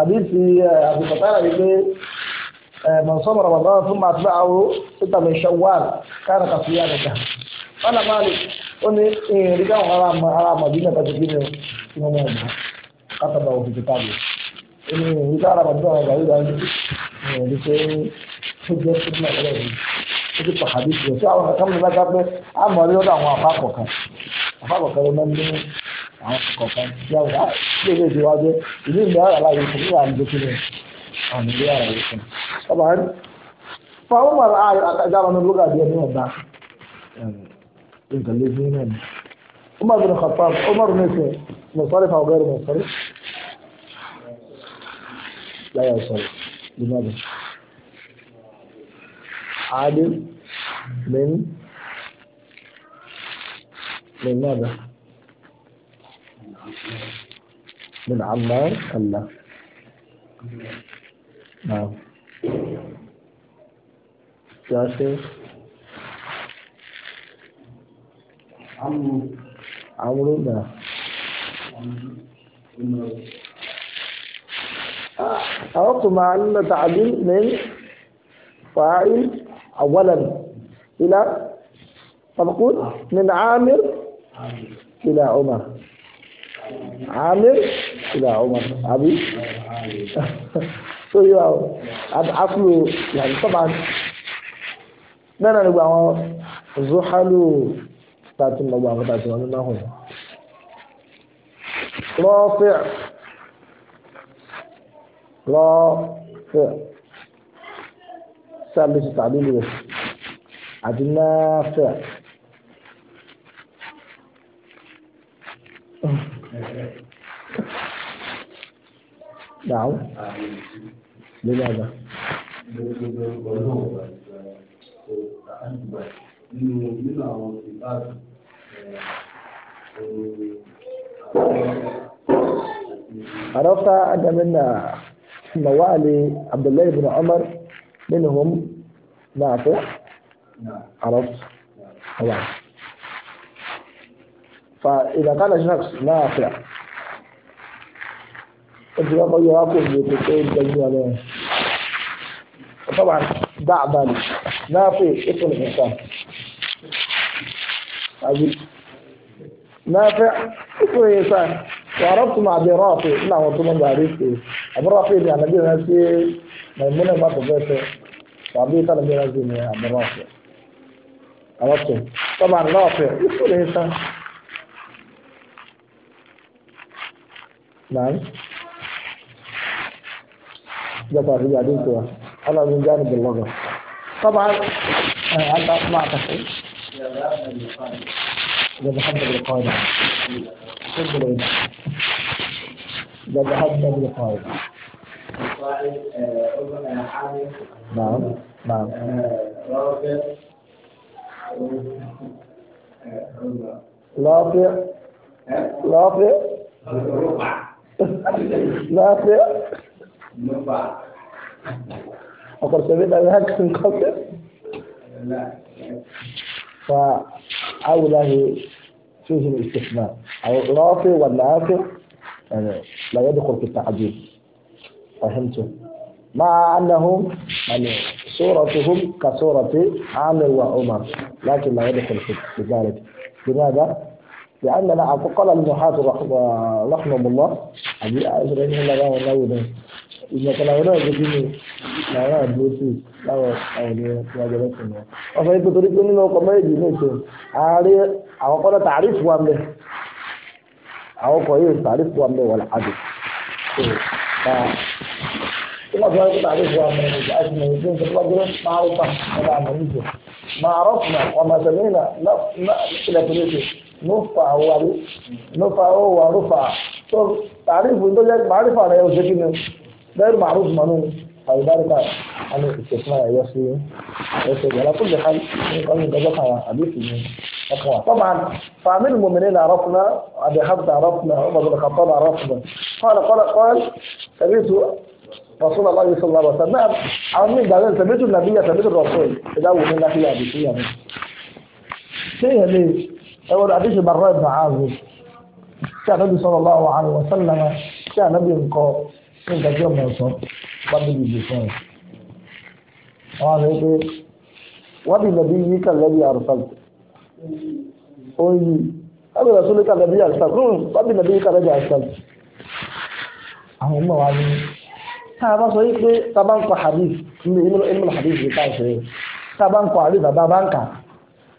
àdìsí àbùkátàrà yìí pé eh, mọ̀nsọ́mọ̀ ramadan fún màá tún àwọ̀ títà mi ṣàwọ́n kára kà fìyà nìkà. wọn àmà lè ó ní ìrìn eh, káwọn ará àmà ará àmà bí nàkàtà kí ni kí wọn máa gbà kátà bá òfin kíkà bò. ó ní ìrìn káwọn ará àmà bí wọn gbà yóò dájú ìrìn kan àfáàkọ̀ kan ló àwọn kọ̀ọ̀kan tí a wà lóde ìwájú ìlú ìlú ara láyé fún ìlú àwọn ìdókè rẹ̀ àwọn ìlú ara yìí fún. ọba rẹ fáwọn ọmọ àrà àtàjà àwọn ológa àbí ẹni ọba nǹkan lójú náà ni. Umar bin Khattab Umar bin Khattab mọ̀sálẹ̀ fáwọn ọgọ́rùn mọ̀sálẹ̀ láyé ọ̀sọ̀rọ̀ lùmọ̀dé. عادل من من ماذا؟ من عمار ألا نعم يا شيخ عمرو عمرو لا نعم. أعطوا أن تعديل من فاعل أولا إلى مفقود من عامر إلى عمر amir ìlà ọmọ Abi, so yíwa o afro yàtọ̀ sábà bẹ́ẹ̀ náà ni gba àwọn zuhalu tààtì lọ́gbà àwọn tààtì wọn nínú àwọn rọ́ọ̀fẹ́ rọ́ọ̀fẹ́ sábẹ́sì tàbí lè àti náà fẹ́ẹ́. ينفع لماذا؟ عرفت أن من موالي عبد الله بن عمر منهم نافع عرفت نعم. فإذا قال شخص نافع الجواب أيهاكم بتسعين بالمئة له طبعا دع بالي في اسم الانسان عجيب نافع اسم الحساب وعرفت مع أبي رافع نعم وطبعا بعرفت ابو رافي يعني نبي ناسي ميمونة ما تبقى وأبي كان أبي ناسي ابو رافي عرفت طبعا رافع اسم الانسان نعم بس قاعدين كذا هذا من جانب اللغة طبعا آه، هل أطلعت شيء؟ إذا ذهبنا بالقاعدة إذا ذهبنا بالقاعدة نعم نعم رافع رافع رافع نفع أقول سبيل هاك من قبل لا فأوله فيه الاستثناء أو رافع والنافع يعني لا يدخل في التعديل فهمت مع أنهم يعني صورتهم كصورة عامر وعمر لكن لا يدخل في ذلك لماذا؟ لأننا قال النحاة رحمه الله أبي أجرين الله ونوده ìgbàkan làwọn náà gbèsè ní làwọn àdúró sí láwọn àwọn ènìyàn tí wọ́n jẹ́rẹ́ sùn wọn. wọ́n fẹ́ pé torí pé nínú ọkọ̀ méjì ní ìṣe ààrẹ àwọn kọ́dọ̀ tààrífù wa mẹ́ àwọn ọkọ̀ yìí tààrífù wa mẹ́ wà láàdù. tí wọ́n fi wá tààrífù wa mẹ́ nígbà tí mo ti ń sọ wájú máa ń pa ọ̀dà àmọ́ níjọ. máa rọ́pùnà ọmọ sẹ́mínà náà ilẹ̀ tó غير معروف منون فلذلك أنا استثناء يصير يصير على كل حال يقول جزاك حديث أقوى طبعا فأمير المؤمنين عرفنا أبي حفظ عرفنا عمر بن الخطاب عرفنا قال قال قال سمعت رسول الله صلى الله عليه وسلم نعم عمين بعدين سمعت النبي سمعت الرسول إذا أول من أخي أبي شيء يعني شيء ليه أول حديث براء بن عازب كان النبي صلى الله عليه وسلم كان النبي قال fún ìgbà tí ọmọ ọ̀sán bá débi ìgbè fún ẹ. àwọn àmì pé wọ́n ti lọ́bí yí kàlẹ́bí àrùsàlù ó yí wọ́n ti lọ́bí sólé kàlẹ́bí àrùsàlù hmm, wọ́n ti lọ́bí yí kàlẹ́bí àrùsàlù. àwọn ọmọ wa ni tá a bá sọ yìí pé tá a bá ń kọ hadith ní ìmúlò hadith yìí káàkiri tá a bá ń kọ hadith àbá bá ń kà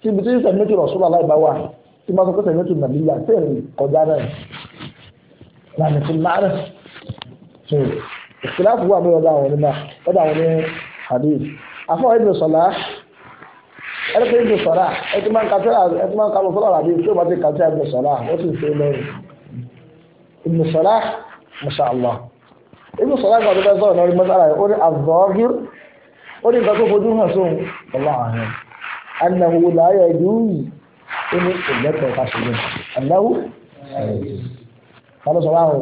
tí ibi tí yìí sẹ̀mẹ́tì rọ̀ṣúlá láìbá wà tí wọ́n sọ pé sẹ̀mẹ́tì nàbíyà tẹ̀ kọjá náà lànà máa rẹ̀ so hmm. ìsìláàfù wà lórí ọ̀dọ̀ àwọn onímọ̀ ọ̀dọ̀ àwọn oní hadith afọ ibn Salah ẹni pé ibn Salah ẹtí máa ń kàtí ẹtí máa ń kàtí ọ̀sọ̀lá àbí tí ó bá ti kàtí ibn Salah ó sì ṣe lọ́rùn ibn Salah mọ́ṣáàlá ibn Salah kan tó fẹ́ sọ̀rọ̀ lórí mọ́ṣáàlá yìí ó ní àzọ́gìr ó ní nǹkan tó fojú hàn sóhun ọlọ́ àárín annahu la yajuzu ó ní ìlẹ́kọ̀ọ́ ká ṣe lé annahu ta ló sọ báwọn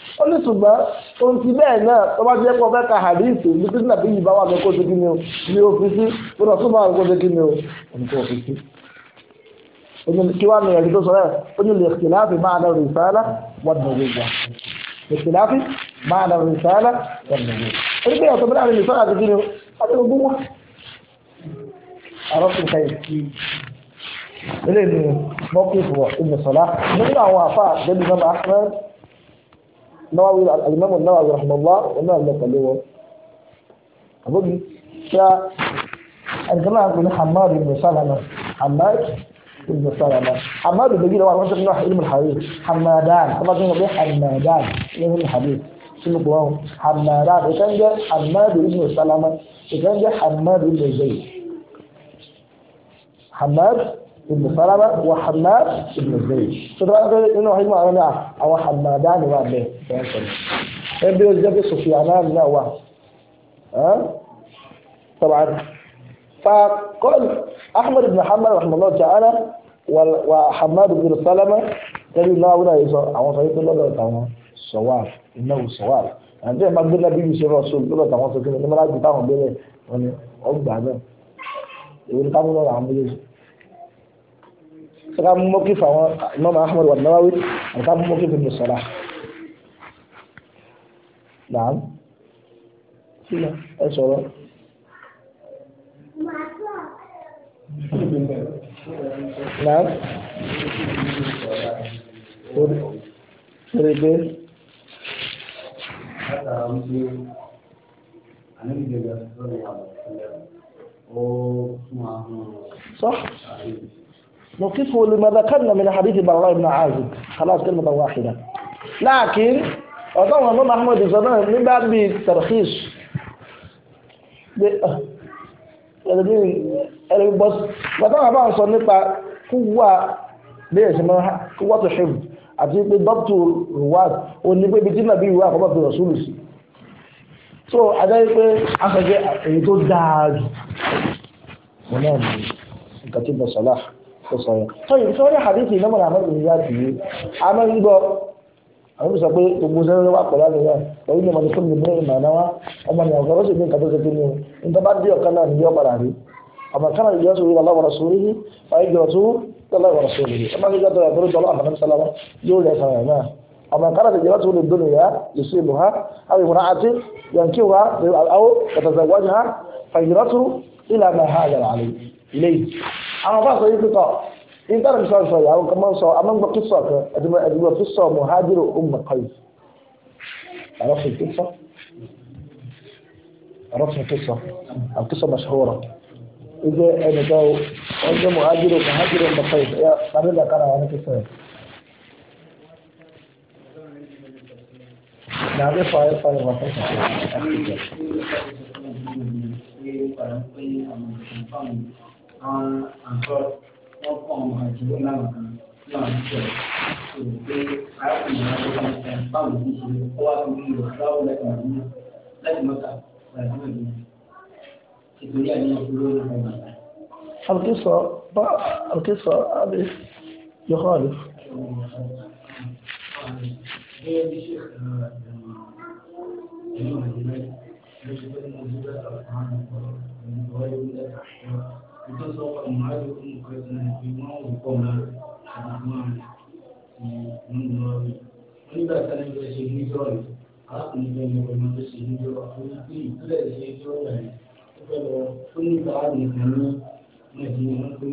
ó ní ṣùgbọ́n ohun ti bẹ́ẹ̀ náà tó bá jẹ́ pọ̀ fẹ́ ka hadith ní títí nàbí yìí bá wà ní kóso kí ni o ní òfìsí ó lọ súnmọ́ àwọn kóso kí ni o ní kó òfìsí. kí wàá nìyẹn tó sọ rẹ̀ ó ní lèkìláàfì máa dà rìsáálà wọ́n dà gbogbo lèkìláàfì máa dà rìsáálà wọ́n dà gbogbo. ó ní bẹ́ẹ̀ ọ̀tọ̀ bẹ́ẹ̀ àrẹ nìsọ́ra àti kí ni o àti gbogbo wọn. àrọ́sùn kẹ́yìn eléyìí ni mọ́kì fún ọ النووي الامام النووي رحمه الله انه قال هو ابو ش الجماعة بن حماد بن سلمة حماد بن سلمة حماد بن جيل والله شكله علم الحديث حمادان الله جل وعلا حمادان إيه علم الحديث شنو هو حمادان إذن جه حماد بن سلمة إذن جه حماد بن زيد حماد بن سلمة وحماد بن زيد شو ترى إنه علم أو حمادان وابن ẹbí ó jẹ́ pé sòfin anáàlú náà wà tọ́wọ́n fàkọ́lù ahmed ibn hamad rahmanulah ta'ala wa hamad ibn salama tẹ́lẹ̀ náà wúlò àyè sọ àwọn sọ wípé lọ́dọ̀ táwọn sọ̀wá iná wù sọ̀wá àti ẹ̀ máa gbé lábí yìí ṣe rọ́ọ̀sùn lọ́dọ̀ táwọn sọ kí ni nígbà táwọn bẹ̀rẹ̀ wọn ni ọgbà náà èwo ni ká mú lọ́rọ̀ àwọn méjèèjì sọ ká mọ́kì fún àwọn imam ahmed wa nawawi àti ká mọ́kì fún mi sọ̀rọ̀ نعم ايش هو نعم شريف نعم. صح نقفه لما ذكرنا من حديث براء بن عازب خلاص كلمة واحدة لكن ọ̀tọ́ àwọn ọmọ Ahmed sọ náà nígbà bíi tarhis pé ah, ẹlẹ́bí ẹlẹ́bí bọ́s bàtà àwọn àbáwọn sọ nípa kúwà bí ẹ̀sìn mọ́ kúwà tó ṣe àti pé dọ́pítù ruwad ó ní pé ibi tí nàbí ruwad kọ́ bá fi rọ̀ṣúlù sí so adáyé pé afẹ́fẹ́ èyí tó dáa jù náà ní nǹkan tí tó sọ yẹn. sọ yìí sọ́rí àdìsí ìnáwó àmọ́ ìrìnàjò yìí àmọ́ àwọn sọ pé gbogbo sẹ́yìn wà pẹ̀lú àlùyà lẹ́yìn ìmọ̀ nípa mi bẹ́ẹ̀ ìmọ̀ náà ọmọ ni ọ̀gá lọ́sẹ̀ ní nǹkan tó ṣe kí ni o níta bá dé ọ̀kan náà nìyọ́ padà rí ọmọ kan náà yọ sórí ọlọ́wọ́ rẹ̀ sórí yìí wáyé jọ tó lọ́wọ́ rẹ̀ sórí yìí ọmọ kan náà yọ sórí ọlọ́wọ́ rẹ̀ sórí yóò rẹ̀ sọ̀rọ̀ náà ọmọ kan náà yọ sórí ọdún ìyá yìí ha àwọn ìmọ̀ràn àti yankí wa àwọn kàtàkì wájú ha fàyìrọ́tù ìlànà ha àjàrà àlè ilé yìí àwọn bá sọ yìí pé tọ́ إن ترى sọ̀rọ̀ sọ̀rọ̀ àwọn kan máa أمام بقصة a máa ń gbọ́ kí sọ̀ kan أعرف عرفت القصة عرفت القصة القصة مشهورة إذا أنا جاو أنت مهاجر مهاجر قيس يا قبل لك أنا عن القصة نعم فاير فاير فاير wọ́n kọ́ àwọn àjọ láwọn láwọn jọ òwò pé arákùnrin náà wọ́n máa ń báwo ló ṣe kọ́ wá fún mi lọ láwọn lẹ́yìn àdúgbò lẹ́yìn mọ́ta àdúgbò yìí ìtòrí àníyàn tó lórí ọmọ rẹ̀. القصة القصة ألف يخالف Thank you. وتصدق معادكم وكذلك بما وقولا الرحمن من الله nígbà tí a ní fẹ́ ṣe níjọ́ rẹ̀ arákùnrin fẹ́ ní ọmọ tó ṣe níjọ́ àkórí pé ìpínlẹ̀ ṣe níjọ́ rẹ̀ ó fẹ́ lọ tó ní bàá nìkan ní nàìjíríà wọn pé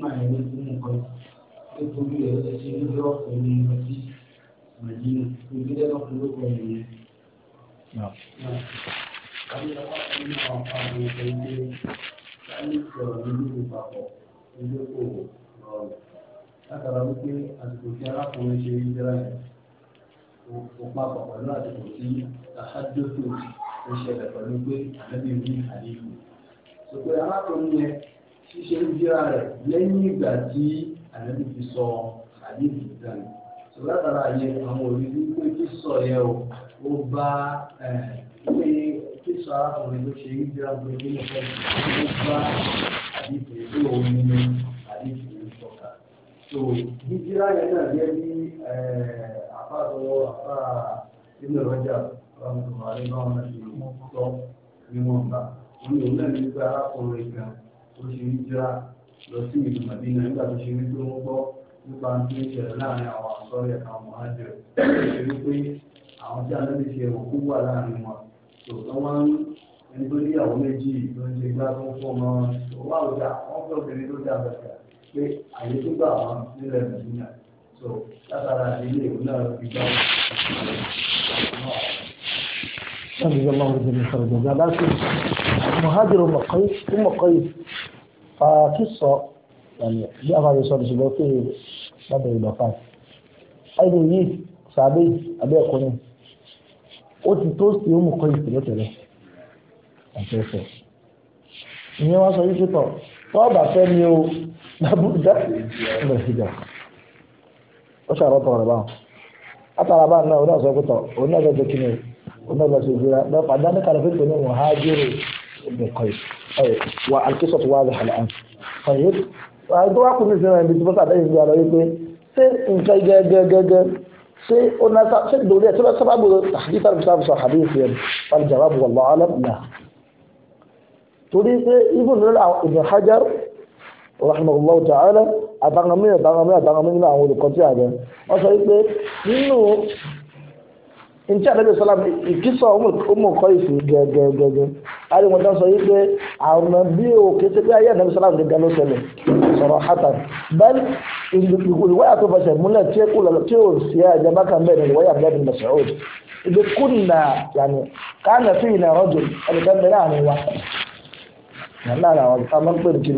máa ẹni tó mú nǹkan tó torí rẹ̀ ó ṣe ṣe níjọ́ pẹ̀lú nǹkan tí nàìjíríà tó gbé lẹ́nu fún ló kọ ìrìn. Àwọn ọmọ ọmọ ọmọ ọmọ ọmọ ọmọ ní ìjọba nínú ìpapọ̀ ilé kò rọrùn látara wípé àsìkò tí arákùnrin ṣe ń jẹ́ra ẹ̀ kò papọ̀ pẹ̀lú àsìkò tí àhádótó ń ṣẹlẹ̀ pẹ̀lú pé àlẹ́bí ní àlejò. sọ̀tò arákùnrin yẹn ṣíṣe ń jẹ́ra rẹ̀ lẹ́yìn ìgbà tí àlẹ́bí fi sọ àlejò dání. sọ látara yẹn àwọn òbí wípé sísọ yẹn o ó bá eh, pé tí arákùnrin ló ṣe ń gbé agbóhùn nílẹ̀ fẹ́ẹ́ ló bá àdìpọ̀ èdè òun nínú àdìpọ̀ èdè sọ̀kà. tó jíjíra yẹn náà yẹ bí apá àtọwọ́ inú ìrọ́jà ọ̀rọ̀ àrẹ náà wọ́n ti sọ níwọ̀n bá wọn lòun náà ní pé arákùnrin kan tó ṣe ń jíra lọ sí ìlú màdínà nígbà tó ṣe ń gbé wọn gbọ́ nípa tí ó ṣẹlẹ̀ láàrin àwọn àsọ̀rọ̀ ẹ̀ka ọmọ ìṣèlú pé àwọn tí a lọ́ọ́ ṣe ẹ̀wọ̀n kó wà láàrin wọn tó àwọn ẹni tó ní ìyàwó méjì ló ń ṣe gbá tó ń fọ́ ọmọ wọn wá ọjà wọn fẹ́ obìnrin tó dá bẹ̀rẹ̀ pé àyè tó gbà wọn nílẹ̀ nàìjíríà tó látara ilé ìwé náà fi gbá wọn. نسأل الله جل وعلا جزاء مهاجر أم قيس أم قيس فقصة يعني جاء بعد صلاة الصبح في بدر الوفاة أيضا يجي صعبي أبي أقول ó ti tó sí òmù kọ́ ìpìlẹ̀ tẹ̀lẹ̀ ọ̀fẹ́fẹ́ ìyẹn wá sọ wípé tọ̀ tọ́ọ̀bà fẹ́ ni o lábújá lọ síjà ó ṣàrọ́tọ̀ rẹ̀ báwọn látara báyìí náà onáà sọ pé tọ̀ onáà lọ sí kíni onáà lọ sí ìgbéra lọ pàdé ní kàlẹ́fẹ́ pé ní wọ́n á jèrè ìbẹ̀kọ̀ yìí wà àkísọ̀ tó wà á lè hàlẹ́ àná ọ̀yẹ́ tó wá kú ní ìsinmi ibi tí wọ́n sàdé ìgbéra lọ wípé ṣé nǹkan gẹ́gẹ́gẹ́gẹ́ شيء قلنا شيء دولية تبقى سبب تحديث المسلم صح حديث يعني فالجواب والله أعلم لا تريد ابن ابن حجر رحمه الله تعالى أتعلم منه أتعلم منه أتعلم منه أقول قطيع هذا وصحيح نينو ntí àdébí sọlá ìkísọ ọmọ ọkọ ìfì gẹgẹgẹgẹ àdìmọdé sọ yìí pé àwọn bí òkè tí pé ayé àdébí sọlá gẹ́gẹ́ ló ṣẹlẹ̀ sọ̀rọ̀ hàtà bẹ́ẹ̀ ìwáyà tó fẹsẹ̀ múlẹ̀ tí kò lọ tí ò sí àjàmbá kan bẹ́ẹ̀ ni ìwáyà bẹ́ẹ̀ ni bẹ sọ̀rọ̀ òdì ìgbé kúnnà yàní káànà fi ìnà rọjò ẹnìkan bẹ láàrin wa láàrin àwọn táwọn pè ní kí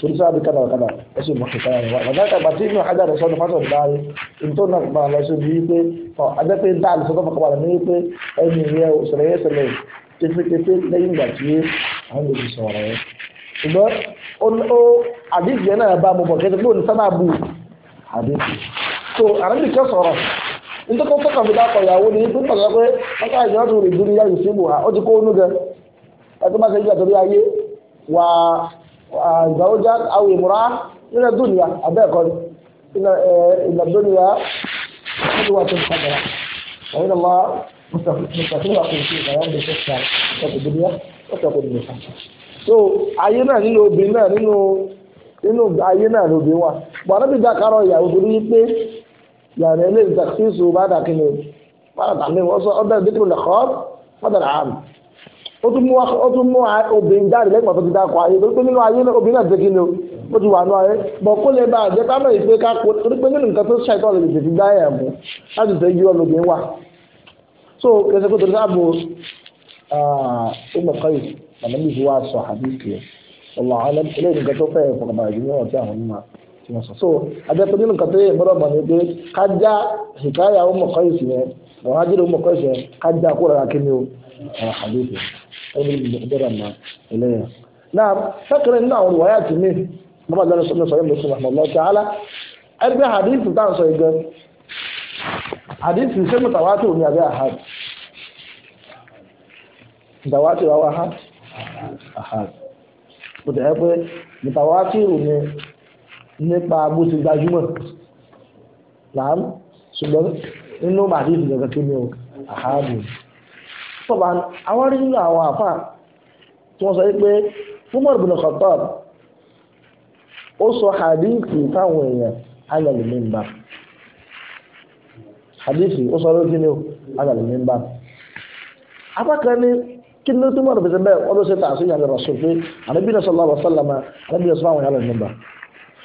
torí sáà bí kádà kádà ẹ sì mọ kíkà yẹn wá bàtà kàgbà tí inú ajá rẹ sọ ní fásitì ọ̀dà rẹ ìtò náà kàgbà lọ sí ibi pé ọ ajá pé dáa lè sọtọ́ fọkàbà ní pé ẹni yẹ òṣèré yẹ ṣẹlẹ̀ tẹfẹtẹfẹ lẹ́yìn ìgbà tí àwọn lòdì sọ̀rọ̀ yẹ. ṣùgbọ́n ó àdìsí yẹn náà bá mo bọ̀ kẹ́tẹ́ pé òní sábà bu àdìsí. tó àrẹ́bí kẹ́ sọ̀rọ̀ nítorí tó kàn fi dákọ̀ ìyàwó ni pé pàṣẹ pé ọkọ ìjọba tó rìn dúró yá ìṣèlú ha ó ti kó onú gan ẹgbẹ́ máa ṣe ìjà torí ayé wàá àgbàwọ́jà àwọn ìmúra nínú dúnìyà abẹ́ẹ̀kọ́ ìlà ina wọ́n wà tó ń padà wọ́n yìí lọ́wọ́ mustaqim wa kun fi bayan da sassa ta duniya wa ta kun nisa so ayé náà nínú obìnrin náà nínú nínú ayé náà lóbi wà bọ̀dọ̀ bí dákàrọ̀ ìyàwó torí wípé yàrá ilé ìdàkísù bá dàkínú bá dàkínú wọ́n sọ ọ́dọ̀ ìdíkùn lẹ́kọ́ ọ́dọ̀ àmì ó tún mú ó tún mú obìnrin jáde lẹ́gbọ̀n tó ti dákọ̀ ayé lórí pé nínú ayé obìnrin náà ti kí ni ó ti wà ní ayé bọ̀ kó lè bá àjẹ́ ká mẹ́rin pé ká kó torí pé nínú nǹkan tó ṣàìtọ́ lè tètè fi gbá ẹ̀ mú láti tẹ̀ yí ọlọ́bìnrin wà. so kẹsẹ̀ pé torí sáàbù ọmọ kọ́yì màmí fi wá sọ àdìsí ẹ̀ ọ̀là alẹ́ ilé nǹkan tó fẹ́ fọkànbalẹ̀ jù ní ọ̀tí àwọn ọmọ tí wọ́n sọ ẹni ìgbẹ́rẹ̀ mọ́ ẹlẹ́yìn. náà fẹ́kẹ̀rẹ́ nínú àwọn ìwáyà tì mí bàbá ìlànà sọ́nà sọ́yẹ́ mi sọ́nà ọ̀lọ́ tààlà ẹgbẹ́ hadith tá à ń sọ yìí gan hadith ṣé mo tàwa tó ní abẹ́ ahad tàwa tó wá ahad ahad mo tẹ̀ ẹ́ pé mo tàwa tó ní nípa bó ti gbajúmọ̀ làám ṣùgbọ́n nínú hadith gẹ́gẹ́ kí ni o ahad ni sọ̀bà àwọn rí nínú àwọn àfà tí wọ́n sọ pé Umar bin Khattab ó sọ hadithi táwọn èèyàn ayọ̀lẹ̀ mímbà hadithi ó sọ lókè ní ayọ̀lẹ̀ mímbà apákan ní kí ló túmọ̀ rẹ̀ bẹ̀rẹ̀ bẹ́ẹ̀ ọdún sí tààsí ìyàlẹ̀ rasul pé ànábì sallallahu alaihi wasallam ànábì sallallahu alaihi wasallam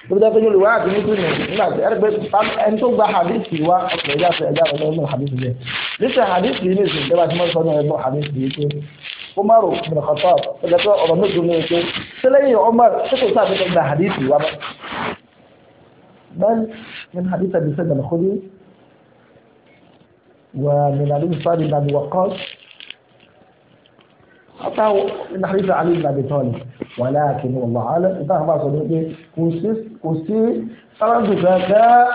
tó bí dákẹ́jọ́ olùwà àti nítorí nígbà tí ẹ̀rẹ́ pé ẹni tó gba hadithi wa ọ̀pọ̀ ẹ̀já fẹ́ ẹ̀já rẹ̀ lọ́wọ́ hadithi rẹ̀ níta hadithi yìí nìsín ìjọba tí wọ́n sọ ní ẹ̀gbọ́n hadithi yìí pé Umaru bin Khattab ẹ̀jẹ̀ pé ọ̀rọ̀ méjì ní eke sẹ́lẹ̀yìn Umar ṣé kò sáà fẹ́ gba hadithi wa bá. bẹ́ẹ̀ ni hadithi àbí sẹ́dà lọ́kọ́dé wà mìlàdí sáré nàbí wàkọ́s أتى من حديث علي بن أبي طالب ولكن والله أعلم إذا ما صدق كوسس kò sí sáláńdù kankan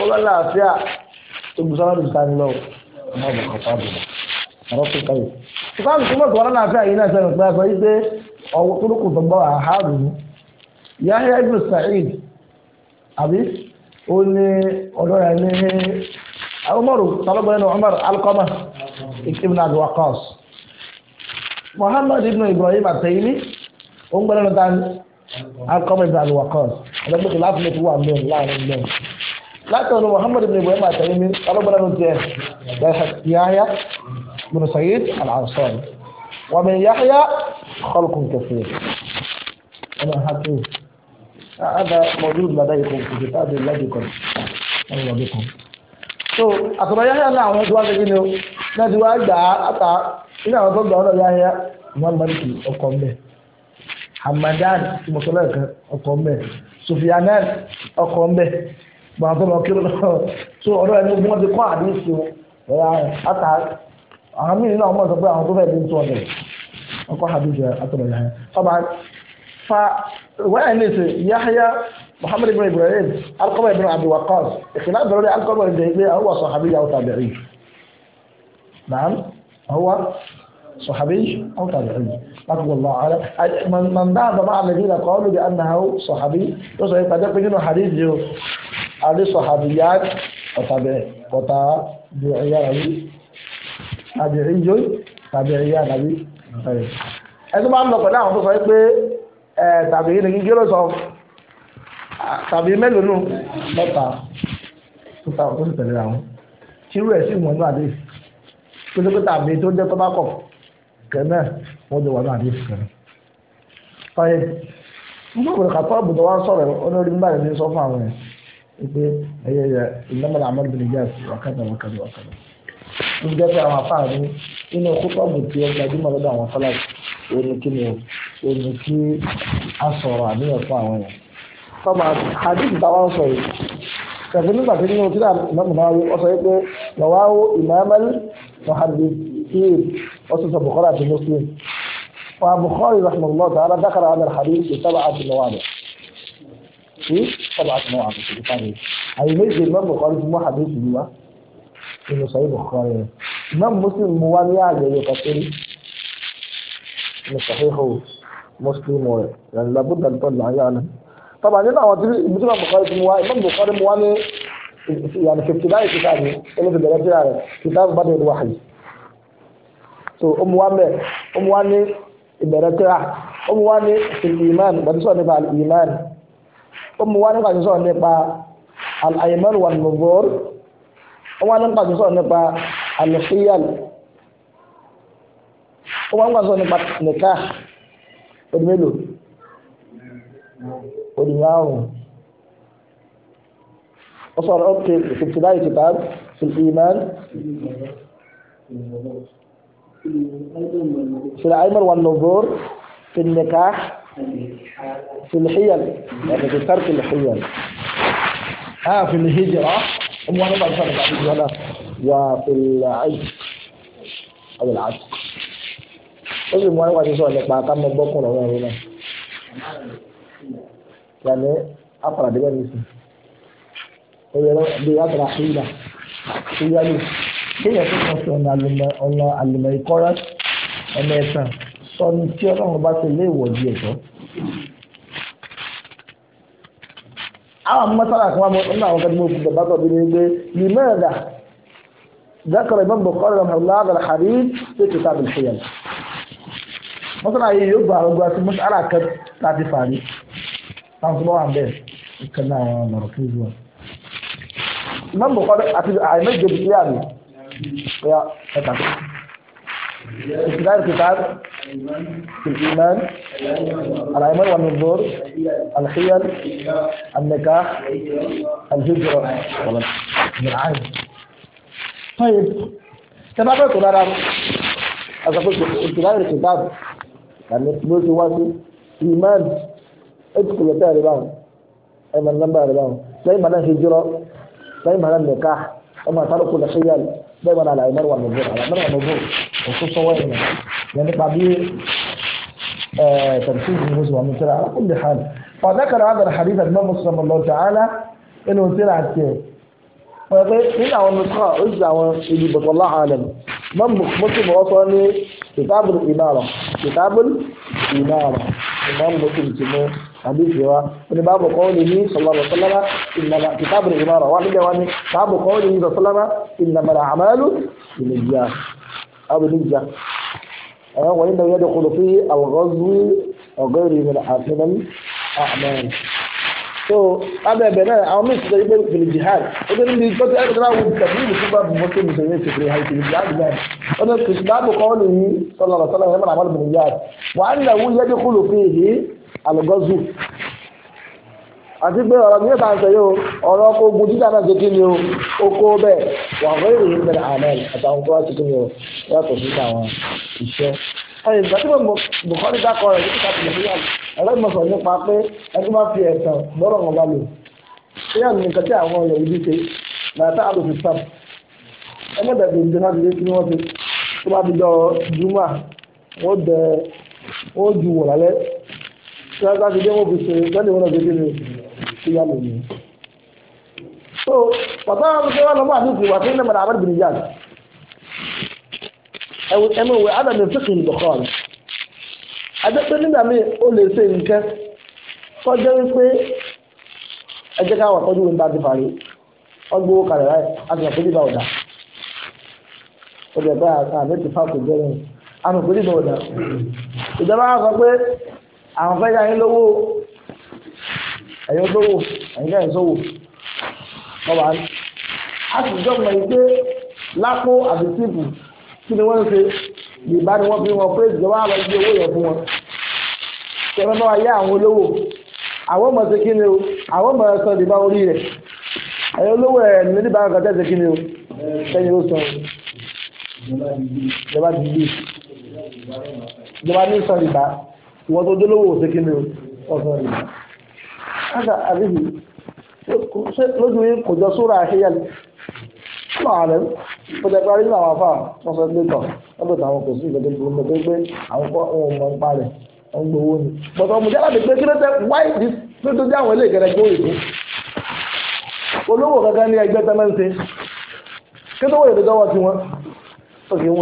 ó lọ́la àfíà tó gbé sáláńdù sáré lọ ọmọ ọmọ kan sábà ọ̀rọ̀ tó káyọ̀. sáláńdù tó mọ̀ tó yìí náà sẹ́nu pé yìí pé ọwọ́ tó tó àhárù ni Yahya ibn Sa'id àbí ó ní ọ̀dọ́ ní tọ́lọ́gbọ́n ní ẹlẹgbẹsẹ láti lè fi wà mẹ́rin láàrin mẹ́rin láti ọ̀nà muhammadu bin ibrahim àtàrí mi alágbára ló jẹ yahya bin sayid al-ansari wà mí yahya khalqun kathir ọmọ hakim هذا موجود لديكم في كتاب لديكم الله بكم so àtọ̀rọ̀ yahya náà àwọn tó wá sí kíni o náà ti wá gbà á àtà nínú àwọn tó gbà ọ́ yahya muhammadu ọkọ̀ mbẹ́ hamadan mọ̀tọ́lá ọkọ̀ mbẹ́ Sufyanan ọkọ̀ ń bẹ̀ gbọ́n tó lọ kí ló tó ọ̀rọ̀ ẹni ogun wọn ti kọ́ àdéhùsì o ẹ̀yà ata àwọn míì náà wọ́n sọ pé àwọn tó fẹ́ẹ́ di ń tún ọ̀dẹ̀ ọkọ̀ àdéhùsì àtọ̀rọ̀ yàrá ọba fa wẹ́ẹ̀ ní sè Yahya Muhammad ibn Ibrahim Alqama ibn Abi Waqqas ìkìlá bẹ̀rẹ̀ Alqama Ibrahim àwọn wà sọ̀hábí yàwó tàbí Nàá àwọn صحابي أو تابعي لكن الله على من من بعد مع الذين قالوا بأنه صحابي يصح يتدق منه حديث له على صحابيات وتابعي وتابعي تابعي تابعيان أبي طيب ẹni máa ń lọ pẹ̀lú àwọn tó sọ pé tàbí ní kí ló sọ tàbí mélòó nù mẹ́ta tó ta ọ̀tún tẹ̀lé àwọn tí irú sì wọ́n ní àdéhùn tó tàbí tó dé tó kan náà wọ́n jọ wà ní àdéhùn kan náà. báyìí nígbàgbọ́n kàtọ́ àbùdá wa sọ̀rọ̀ olórí nígbà yẹn ní sọ fún àwọn yẹn pé ẹyẹ yẹ ìnámọ̀lá àmọ́ ìbìlẹ̀ jẹ́ wákàtí wákàtí wákàtí. ó jẹ́ pé àwọn afáà ní inú kútọ́ọ̀bù tí ó gbajúmọ̀ lọ́dọ̀ àwọn fọláṣ òní kí ni òní kí a sọ̀rọ̀ àníyàn fún àwọn yẹn. tọ́ba àdéhùn táwa sọ yìí kàfí nígbà tí nínú tíra ìmọ̀mù náà wí ọ sọ pé lọ́wọ́ ìmọ̀mẹ́lì وصف البخاري في مسلم والبخاري رحمه الله تعالى ذكر هذا الحديث في سبعة مواضع في سبعة مواضع في الحديث. أي ميز الإمام البخاري في حديث جوا في صحيح البخاري الإمام مسلم موانيا جاي يقتل من صحيح مسلم يعني لابد أن تطلع يعلم طبعا هنا هو مثل ما البخاري في موانيا الإمام البخاري مواني يعني في ابتداء كتابه اللي في كتاب بدء الوحي so ọmọ wa bẹ ọmọ wa ní ìbẹ̀rẹ̀ tíra ọmọ wa ní ìlìmán gbàdúsọ nípa ìlìmán ọmọ wa nípa sísọ nípa àìmọ́n wà nùbọ́ọ̀rù ọmọ wa nípa sísọ nípa àlùfíyàn ọmọ wa nípa sísọ nípa nìka ọdún mélòó ọdún márùn ó sọ̀rọ̀ ó ti fìtìláì kìtàb fìlìmán. في العمر والنظور في النكاح في الحيل يعني في ترك الحيل ها في الهجرة وفي العج أو العج أي مو أنا بعشرة سؤال لك بعكم من بكون أو من يعني أقرأ دي بس هو يلا دي أقرأ حيلة حيلة kéèyàn tó kàn sí ọ̀nà ọ̀nà àlùmọ̀ ìkọ́rá ọ̀nà ẹ̀sán sọnù tí ọlọ́run bá ṣe lé ìwọ̀ di ẹ̀tọ́. àwọn mọ́sálà kan wà mọ́ nínú àwọn akadémọ̀ òkú bàbá tó bí ní gbé lìmẹ́ẹ̀dà ذكر الإمام بخاري رحمه الله هذا الحديث في كتاب الحيل مثلا يبقى على قوات المسألة كانت تعطي فاري كان سموه عن بيه كنا مركز الإمام بخاري أتجد أعمل جبسياني يا اتعب ابتداء الكتاب في الإيمان الأيمان والنظور الخيل النكاح الهجرة والعين طيب كما قلت أنا إذا قلت ابتداء الكتاب يعني فلوس واسي إيمان ادخل يتاع رباهم أيمان نمبر رباهم زي ما هجرة زي ما نكاح أما تركوا الخيل دايما على عمار والمنظور على عمار والمنظور وخصوصا وين يعني تعبير آه تمثيل النزوه من كده على كل حال فذكر هذا الحديث الامام مسلم الله تعالى انه طلع الثاني هنا هو النسخه ارجع اللي بطلعها عالم امام مسلم وصل كتاب الاماره كتاب الاماره امام مسلم hadisi wa wani babu kawai ni sallallahu alaihi wasallama inna ma kitabul imara wa da wani babu kawai ni sallama inna ma al'amalu binniyyah abu nijja ayan wa inna yadkhulu fi al-ghazwi wa ghayri min ahsan amal so abẹ bẹ náà àwọn mẹsàn án yóò fìlì jihad ó dé níbi tó ti ẹgbẹ náà wọn tàbí ìlú tó bá bu mọtò mùsùlùmí ti fìlì hàìtì ìlú jihad náà ó dé kìsìláàbù kan ó lè yí sọlọ sọlọ yẹn mọ àwọn ọmọ nìyá wà á nà àlùgọ́zù àti pé ọ̀rọ̀ mi yóò yóò ọ̀rọ̀ ọkọ̀ ogun jíjà náà ṣe kí ni o ó bẹ́ẹ̀ wà fún ìròyìn bẹ̀rẹ̀ amen àtàwọn tó wá kí ni o yàtọ̀ sí àwọn iṣẹ́. ẹyìn ìgbà tí mo rẹ̀ tìlẹ̀ níyà nípa pé ẹni máa fi ẹ̀sán wọn ṣéyà ní nǹkan tí àwọn ti ṣáájú àti déwọ́n fi ṣe tẹ́lẹ̀ wọn lọ́dún kíni ṣe yá lòmí. so bàbá wa ṣe wà lọ́mọ́ wà sí ilé mọ̀nà àbẹ́rẹ́ bìnrin yára ẹ̀wọ̀n wẹ̀ ádà mi fíkì ìdọ̀kọ́ rẹ̀ adẹ́pẹ́ nígbà míì ó lè ṣe nǹkan kọjá wípé ẹjẹ́ káwọn àtọ́jú ní bá ti parí ọgbó kalẹ̀ láì àti àpèjì bá ọ̀dà ó dẹ̀ bá àtàlẹ́ àmì àpèjì bá àwọn fẹ́ yáyé lówó ẹ̀yọ́ lówó ẹ̀yìn kẹ́yìn sówó lọ́wọ́ àná a sì jọ mọ̀ yìí pé lápò àti tíìpù kí ni wọ́n ń ṣe ìbá ni wọ́n fi wọn pé ìjọba àlọ́ gbé owó yẹn fún wọn tẹ̀wọ́n bá wa àwọn olówó àwọn ọmọ ṣe kí ni o àwọn ọmọ ẹ̀ sọ ìdìbò orí rẹ̀ ẹ̀yọ́ olówó ẹ̀ ní ìdìbò àwọn kàtẹ́ kí ni o sẹ́yìn ó sọ ìjọba ti gbé ìjọba ní sọ ìbá wọ́n tó dólówó ṣe kí ni ọ̀sán rẹ̀ ádà àríhì lójú yín kò jọ sóra àṣeyà ní ààrẹ pẹ̀lú ẹgbẹ́ àríhì àwọn afá wọn sọ lẹ́tọ̀ lọ́dọ̀ táwọn kò sí ìgbẹ́jẹ́ gbogbo tó gbé àwọn kọ́ ohun ọmọ ń parẹ̀ wọn gbowó ni bọ̀tọ̀ ọmọdé alábi pé kí ló tẹ wáyé di tó tó dé àwọn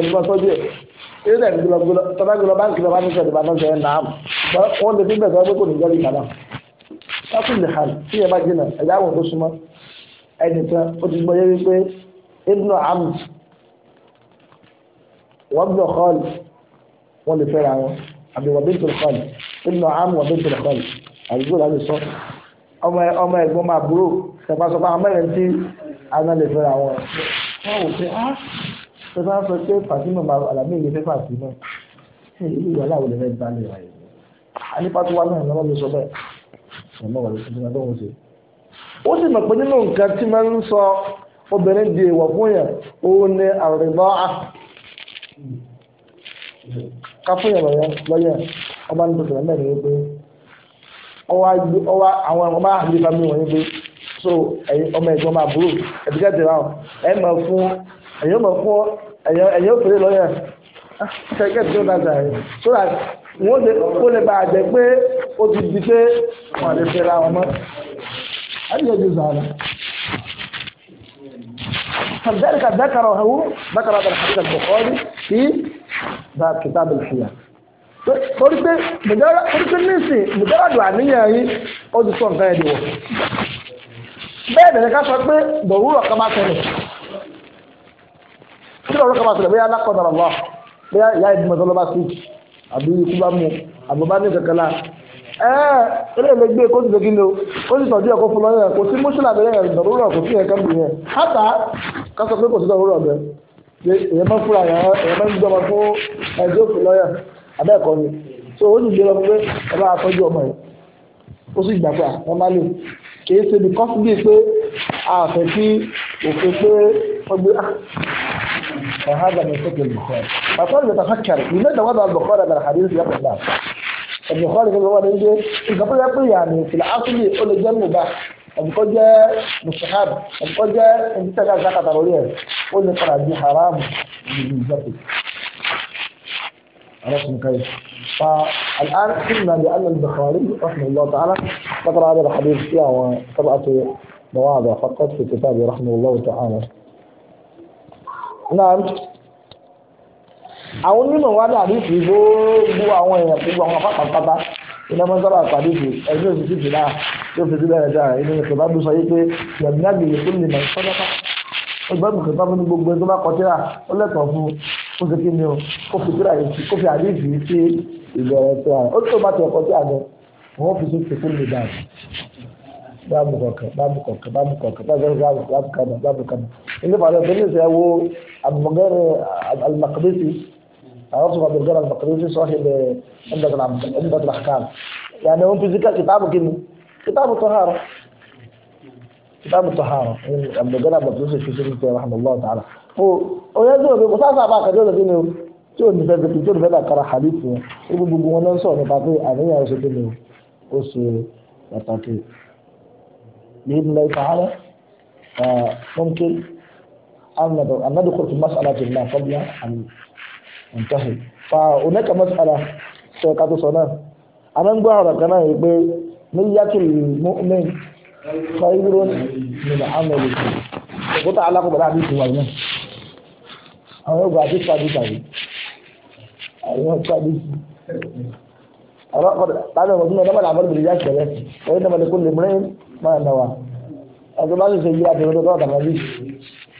ilé ilé ẹ̀ tọ́lá gbé lọ báńkì lọ bá ní sọ̀rọ̀ ìbáná sọ̀rọ̀ náà wọ́n lè fi bẹ̀rẹ̀ sọ́wọ́ pé kò ní jẹ́ ìbáná láti lè hàn tí ẹ bá jìnà ẹ̀dá àwọn tó súnmọ́ ẹni tán ó ti gbọ́ yé wípé ibnu amd wọ́n bọ̀ kọ́ọ̀lì wọ́n lè fẹ́ra wọn àbí wọ́n bí tòlù kọ́ọ̀lì ibnu amd wọ́n bí tòlù kọ́ọ̀lì àdúgbò láti sọ ọmọ ẹ̀gbọ́n máa burú ṣẹ̀pá tó bá sọ pé Fatima máa Àlàbí ìlú fẹ́ Fatima ṣe ilé ìwà aláwọ̀ lè fẹ́ balẹ̀ rà yìí ànípa tó wá náà lọ́wọ́ ló sọ bẹ́ẹ̀ ọmọ wà lóṣù tó máa dọ́wọ́ ṣe. ó sì mọ̀ pé nínú nǹkan tí máa ń sọ obìnrin di èèwọ̀ fún yẹn òun ni àrùbọ́ à ká fún yẹn lọ́yẹ̀ ọba ní tòṣìlẹ̀ mẹ́rin wípé ọwọ́ àwọn ọmọ àdìbá mi wọ̀nyí pé so ẹ̀yin ọmọ ẹ̀gbọ́n máa burú ẹ̀dígẹ́dẹ̀ náà ẹ̀ máa fún ẹ̀yin ọmọ fún ẹ̀yẹ́ òfin lọ́yà kẹ́kẹ́ tí ó dájà rẹ̀ so that wọ́n lè kó lè bá a jẹ pé ó ti di pé wọ́n lè fẹ́ra wọn mọ́ ẹ̀yẹ́ ojú zàrà. فذلك ذكره ذكر هذا الحديث البخاري في باب كتاب الحياه torí pé torí pé nísìn mùjáràdù àníyàn yìí ó ti sọ nǹkan ẹ̀ dìwọ̀ bẹ́ẹ̀ dẹ̀ ká sọ pé dọ̀wúrọ̀ kan bá tẹ̀lé kí lọ́rọ́ kan bá sọ̀rọ̀ bóyá alákọ̀ọ́dọ̀rọ̀ lọ bóyá ìyá ìdúmọ̀ tó lọ́ba sí àbí ikú bá mu àbúbá ní kankan la ẹ eléyìí lè gbé e, kóso dégí ni o ó sì tọ́jú ẹ̀kọ́ fún lọ́yẹ̀ kò sí mọ́ṣúlá abẹ́rẹ́ yẹn dọ̀rọ̀rọ̀ kò sí ẹ̀ka bìyẹn hátà kásọ pé kò sí dọ̀rọ̀rọ̀ bẹ́ẹ̀ ṣe èyẹ máa ń fúra èyẹ máa ń jọba fún ẹjọ́ òfin lọ́yẹ̀ abẹ́ẹ̀kọ́ ni so ó sì gbé lọ pé ẹ bá tọ́jú ọmọ yẹn ó sì gbà pé àwọn máa lè kì í ṣe bí kọ́sí bíi pé àfẹ́ kí òfin pé wọ́n gbé ah, فهذا من فضل البخاري فصار يتفكر لماذا وضع البخاري هذا الحديث يقول لا ابن خالد اللي هو نيجي الكبير يقول يعني في العصر يقول الجن ده يقول جاء مستحب يقول جاء ìdíjẹ́gà جاء lórí ẹ̀ ó lè padà di haram nínú عرفتم كيف؟ فالآن قلنا بأن البخاري رحمه الله تعالى ذكر هذا الحديث فيها وسبعه مواضع فقط في كتابه رحمه الله تعالى náà àwọn onímọ̀ wá ní àdìsí gbogbo àwọn èèyàn gbogbo àwọn apápàpátá iná máa ń sábà pàdé ìfì ẹgbẹ́ òṣìṣẹ́ ìfì náà tí ó fi sí bẹ́ẹ̀ dáa inú ìfẹ́ bá dùn sọ yí pé yàgbìn àgbègbè tó lè máa ń sọ́dọ́ká ẹgbẹ́ òṣìṣẹ́ bá ní gbogbo ẹni tó bá kọ tíra ó lẹ́tọ̀ọ́ fún ó ṣe kí ni o kó fi tíra yìí sí kó fi àdìsí sí ìbẹ̀rẹ̀ tíra ó tó bá ti ọkọ tí àgbẹ̀ fi sí ìfẹ́ عبد المقر المقدسي أوصف عبد الجلال المقدسي صاحب عمدة عمدة الأحكام يعني هم في ذكر كتابه كده، كتاب الطهارة كتاب الطهارة عبد الجلال المقدسي في سيرته رحمه الله تعالى ويزور بمساعدة بقى كده كده tí o ní fẹ́ fi tí o ní fẹ́ bá kara hadith yẹn ó bí gbogbo wọn náà sọ̀rọ̀ nípa pé àníyàn ṣe kí ni ó ṣe pàtàkì ní ìdílé ìtàhálẹ̀ mọ́mkì أن ندخل في مسألة ما قبل أن ننتهي فهناك مسألة سيقات صنع أنا نقول على كنا يقول نية المؤمن خير من عمله قلت على قبل حديث وعلم أنا أقول حديث حديث حديث أيوة حديث بعد ما قلنا إنما الأعمال بالرجال كذلك وإنما لكل امرئ ما نوى أقول الله سيئات من الله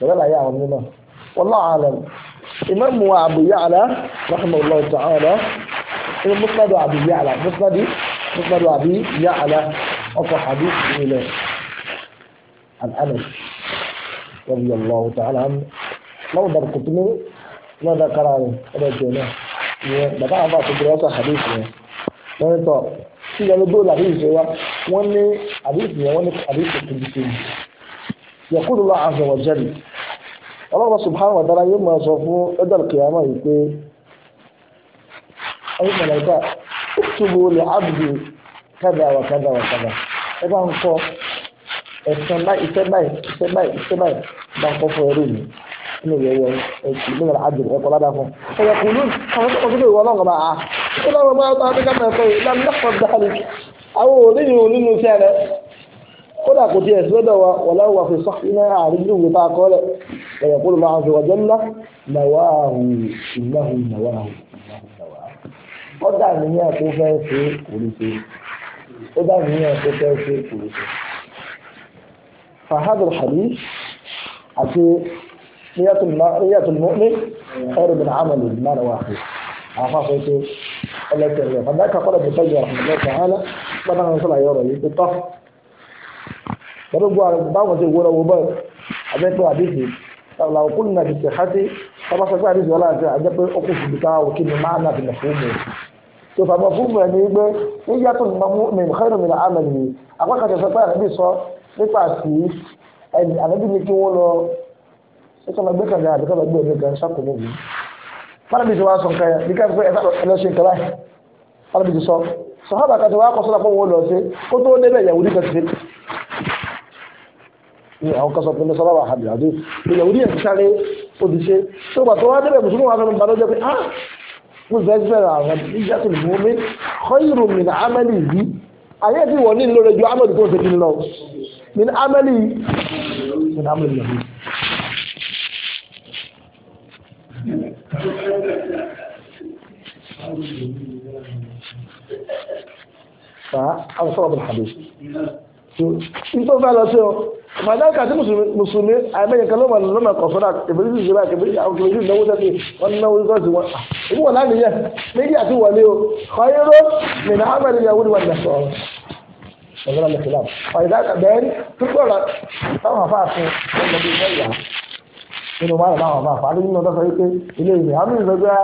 sọ̀rọ̀ láyé àwọn mímọ́ wallahu alam ìmáàmù Abu Ya'la rahimahullahu ta'ala ní musnadu Abu Ya'la musnadu musnadu Abu Ya'la ọkọ̀ hadith nílẹ̀ al-Anas radiyallahu ta'ala anhu lọ́wọ́ dàbí kùtùmí lọ́wọ́ dàbí kára rẹ̀ ọ̀dọ̀ ìjọ náà ìyẹn bàbá àwọn àti obìnrin ọ̀sán hadith yẹn lọ́wọ́ tọ̀ sí ìyẹn ló dóòlà àdéhùn ṣe wọ́n ní àdéhùn yẹn wọ́n ní àdéhùn tó yaqulu Allah azza wa jalla ọlọ́run subhanahu wa ta'ala yóò máa sọ fún ẹ̀dọ̀l kìyàmá yìí pé ẹ̀yin mọ̀lẹ́kà uktubu li abdi kada wa kada wa kada ẹ bá ń kọ ẹ̀sán báyìí iṣẹ́ báyìí iṣẹ́ báyìí iṣẹ́ báyìí bá ń kọ́ fún ẹrú mi inú ìwé yẹn ẹ̀sìn nínú àdùn ẹ̀kọ́ ládà fún ẹ̀yà kùlù àwọn ọdún ìwọ ọlọ́run máa à bá a bí ká máa fẹ́ yìí lámì kódà kò tiẹ̀ sí lọ́dọ̀ wa wọ́n láwọn wà fi sọ iná àárín ìlú ìta akọ́lẹ̀ ẹ̀yẹ̀ kó ló máa fi wọ́jọ́ ńlá nàwáhù ìnáhù nàwáhù ọ̀dà nìyẹn tó fẹ́ ṣe kùrùsè ọ̀dà nìyẹn tó fẹ́ ṣe kùrùsè. فهذا الحديث àti níyàtò mọ́mí ẹ̀rọ gbogbo báwọn ṣe wúra wọ báyìí abẹ́tọ́ àdéhìí làwọn kún náà ti ṣe hátí bàbá sọ pé àdéhìí wọlé àti àjẹpẹ́ ọkọ̀ fìdí ká òkè ni máa nà bìnà fún mi. tó fàmọ́ fún mi ní gbé ní yàtọ̀ nínú mi xẹ́rù mi náà àmà nìyí àkọ́kọ́ ti sọ pé àdébí sọ nípa sí ẹni àdébí ni kí wọ́n lọ ṣètò ọmọ gbẹ́kànlé àdékọ́ lọ so omi gan sáko níbi. fàdébí ti wá sọ nǹkan yẹn bí ká fẹ́ ẹ sọ̀hábà kan ti wá kọ́ sọ́dọ̀ fún wọn lọ sí kó tó débẹ̀ yàwó ní kẹsìtì ní àwọn kan sọ pé mẹsàn-án wà hàbí àdó ilẹ̀ orí ẹ̀sìn sáré òdìṣe tó gbà tó wá débẹ̀ mùsùlùmí wà fẹ́mi balọ̀ jẹ́ pé ah fún zẹ́zẹ́rẹ́ àwọn ìjà tó mú mi kọ́yìrò mi ní amẹ́lì yìí ayé ti wọ̀ ní ìlú rẹ̀ ju amẹ́lì tó ń sèkí lọ mi ní amẹ́lì mi ní amẹ́lì lọ. fa àwọn sọ̀rọ̀ bẹ̀rẹ̀ àdó. nítorí fẹ́ lọ sí ọ màdáka tí mùsùlùmí àìmẹ́yẹ kan lọ́wọ́ lọ́nà kọ̀fọ́dà ìbílí ti ṣẹlẹ̀ àkẹ́bí àwọn kìlọ̀ yìí náwó sẹ́sì wọn náwó sọ́ọ̀sì wọn. ìbí wọn láti yẹ méjì àti wọlé o kọ́yẹ́rọ́ nínú ahmed yahoo ni wọn dà sọ̀rọ̀. ọ̀gá lọ́lẹ̀ fìlà ọ̀yẹ̀dá bẹ́ẹ̀ pípọ̀lá táwọn afá fún ọmọ bíi mẹ́yà nínú wọn àwọn afá fún alẹ́ nínú ọ̀dọ́ sọ wípé ilé ìwé àmì ìgbẹ́gbẹ́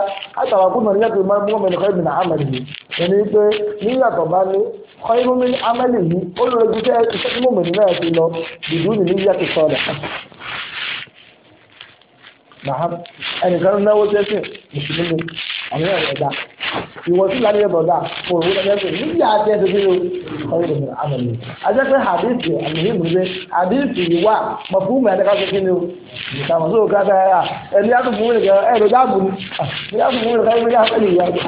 àtàwọn akúnnà níyàtọ̀ máa ń mú ọmọ ẹnìkan ìgbìnà àmàlì yìí ẹni wípé níyàtọ̀ bá ní kọ́yìnrúmi amẹ́lì yìí ó lóore ju iṣẹ́ tí mòmìnira ti lọ dìdú nìyí yàtọ̀ sọ̀rọ̀ Muhammad ẹnìkan náwó sẹ́sìn mùsùlùmí àwọn ẹ̀rọ ẹ̀dá ìwọ̀sùn láti ẹ̀bọ̀ dá fún òwúrọ̀ ẹ̀sìn níbi àti ẹ̀sìn sí ọ̀rọ̀ ìdòmìnira àmàlẹ́ ajẹ́pẹ́ hadithi àmìhìn rẹ̀ hadithi yìí wà mọ̀ fún mi àdéká sọ kíni o ìtàwọn sóò ká sáyà rà ẹni yàtọ̀ fún mi nìkan ẹ̀rọ dáàbò ni yàtọ̀ fún mi nìkan ẹ̀rọ dáàbò ni yàtọ̀ fún mi nìkan ẹ̀rọ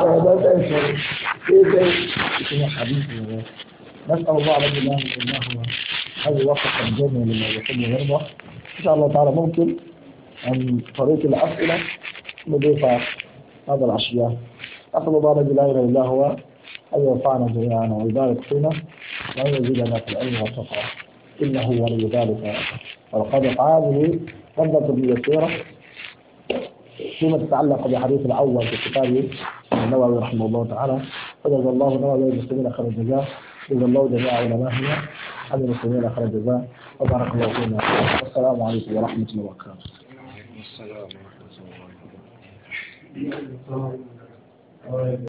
dáàbò ni yàtọ̀ fún عن طريق الأسئلة نضيف هذا الأشياء أسأل مبارك بلا لا إله إلا هو أن ينفعنا جميعا ويبارك فينا وأن يزيدنا في العلم والتقوى إنه ولي ذلك والقدر هذه قبضة السيره فيما تتعلق بحديث الأول في كتابه النووي رحمه الله تعالى فجزا الله النووي المسلمين خير الجزاء جزا الله جميع علمائنا عن المسلمين خير الجزاء وبارك الله فينا والسلام عليكم ورحمة الله وبركاته السلام ورحمة الله وبركاته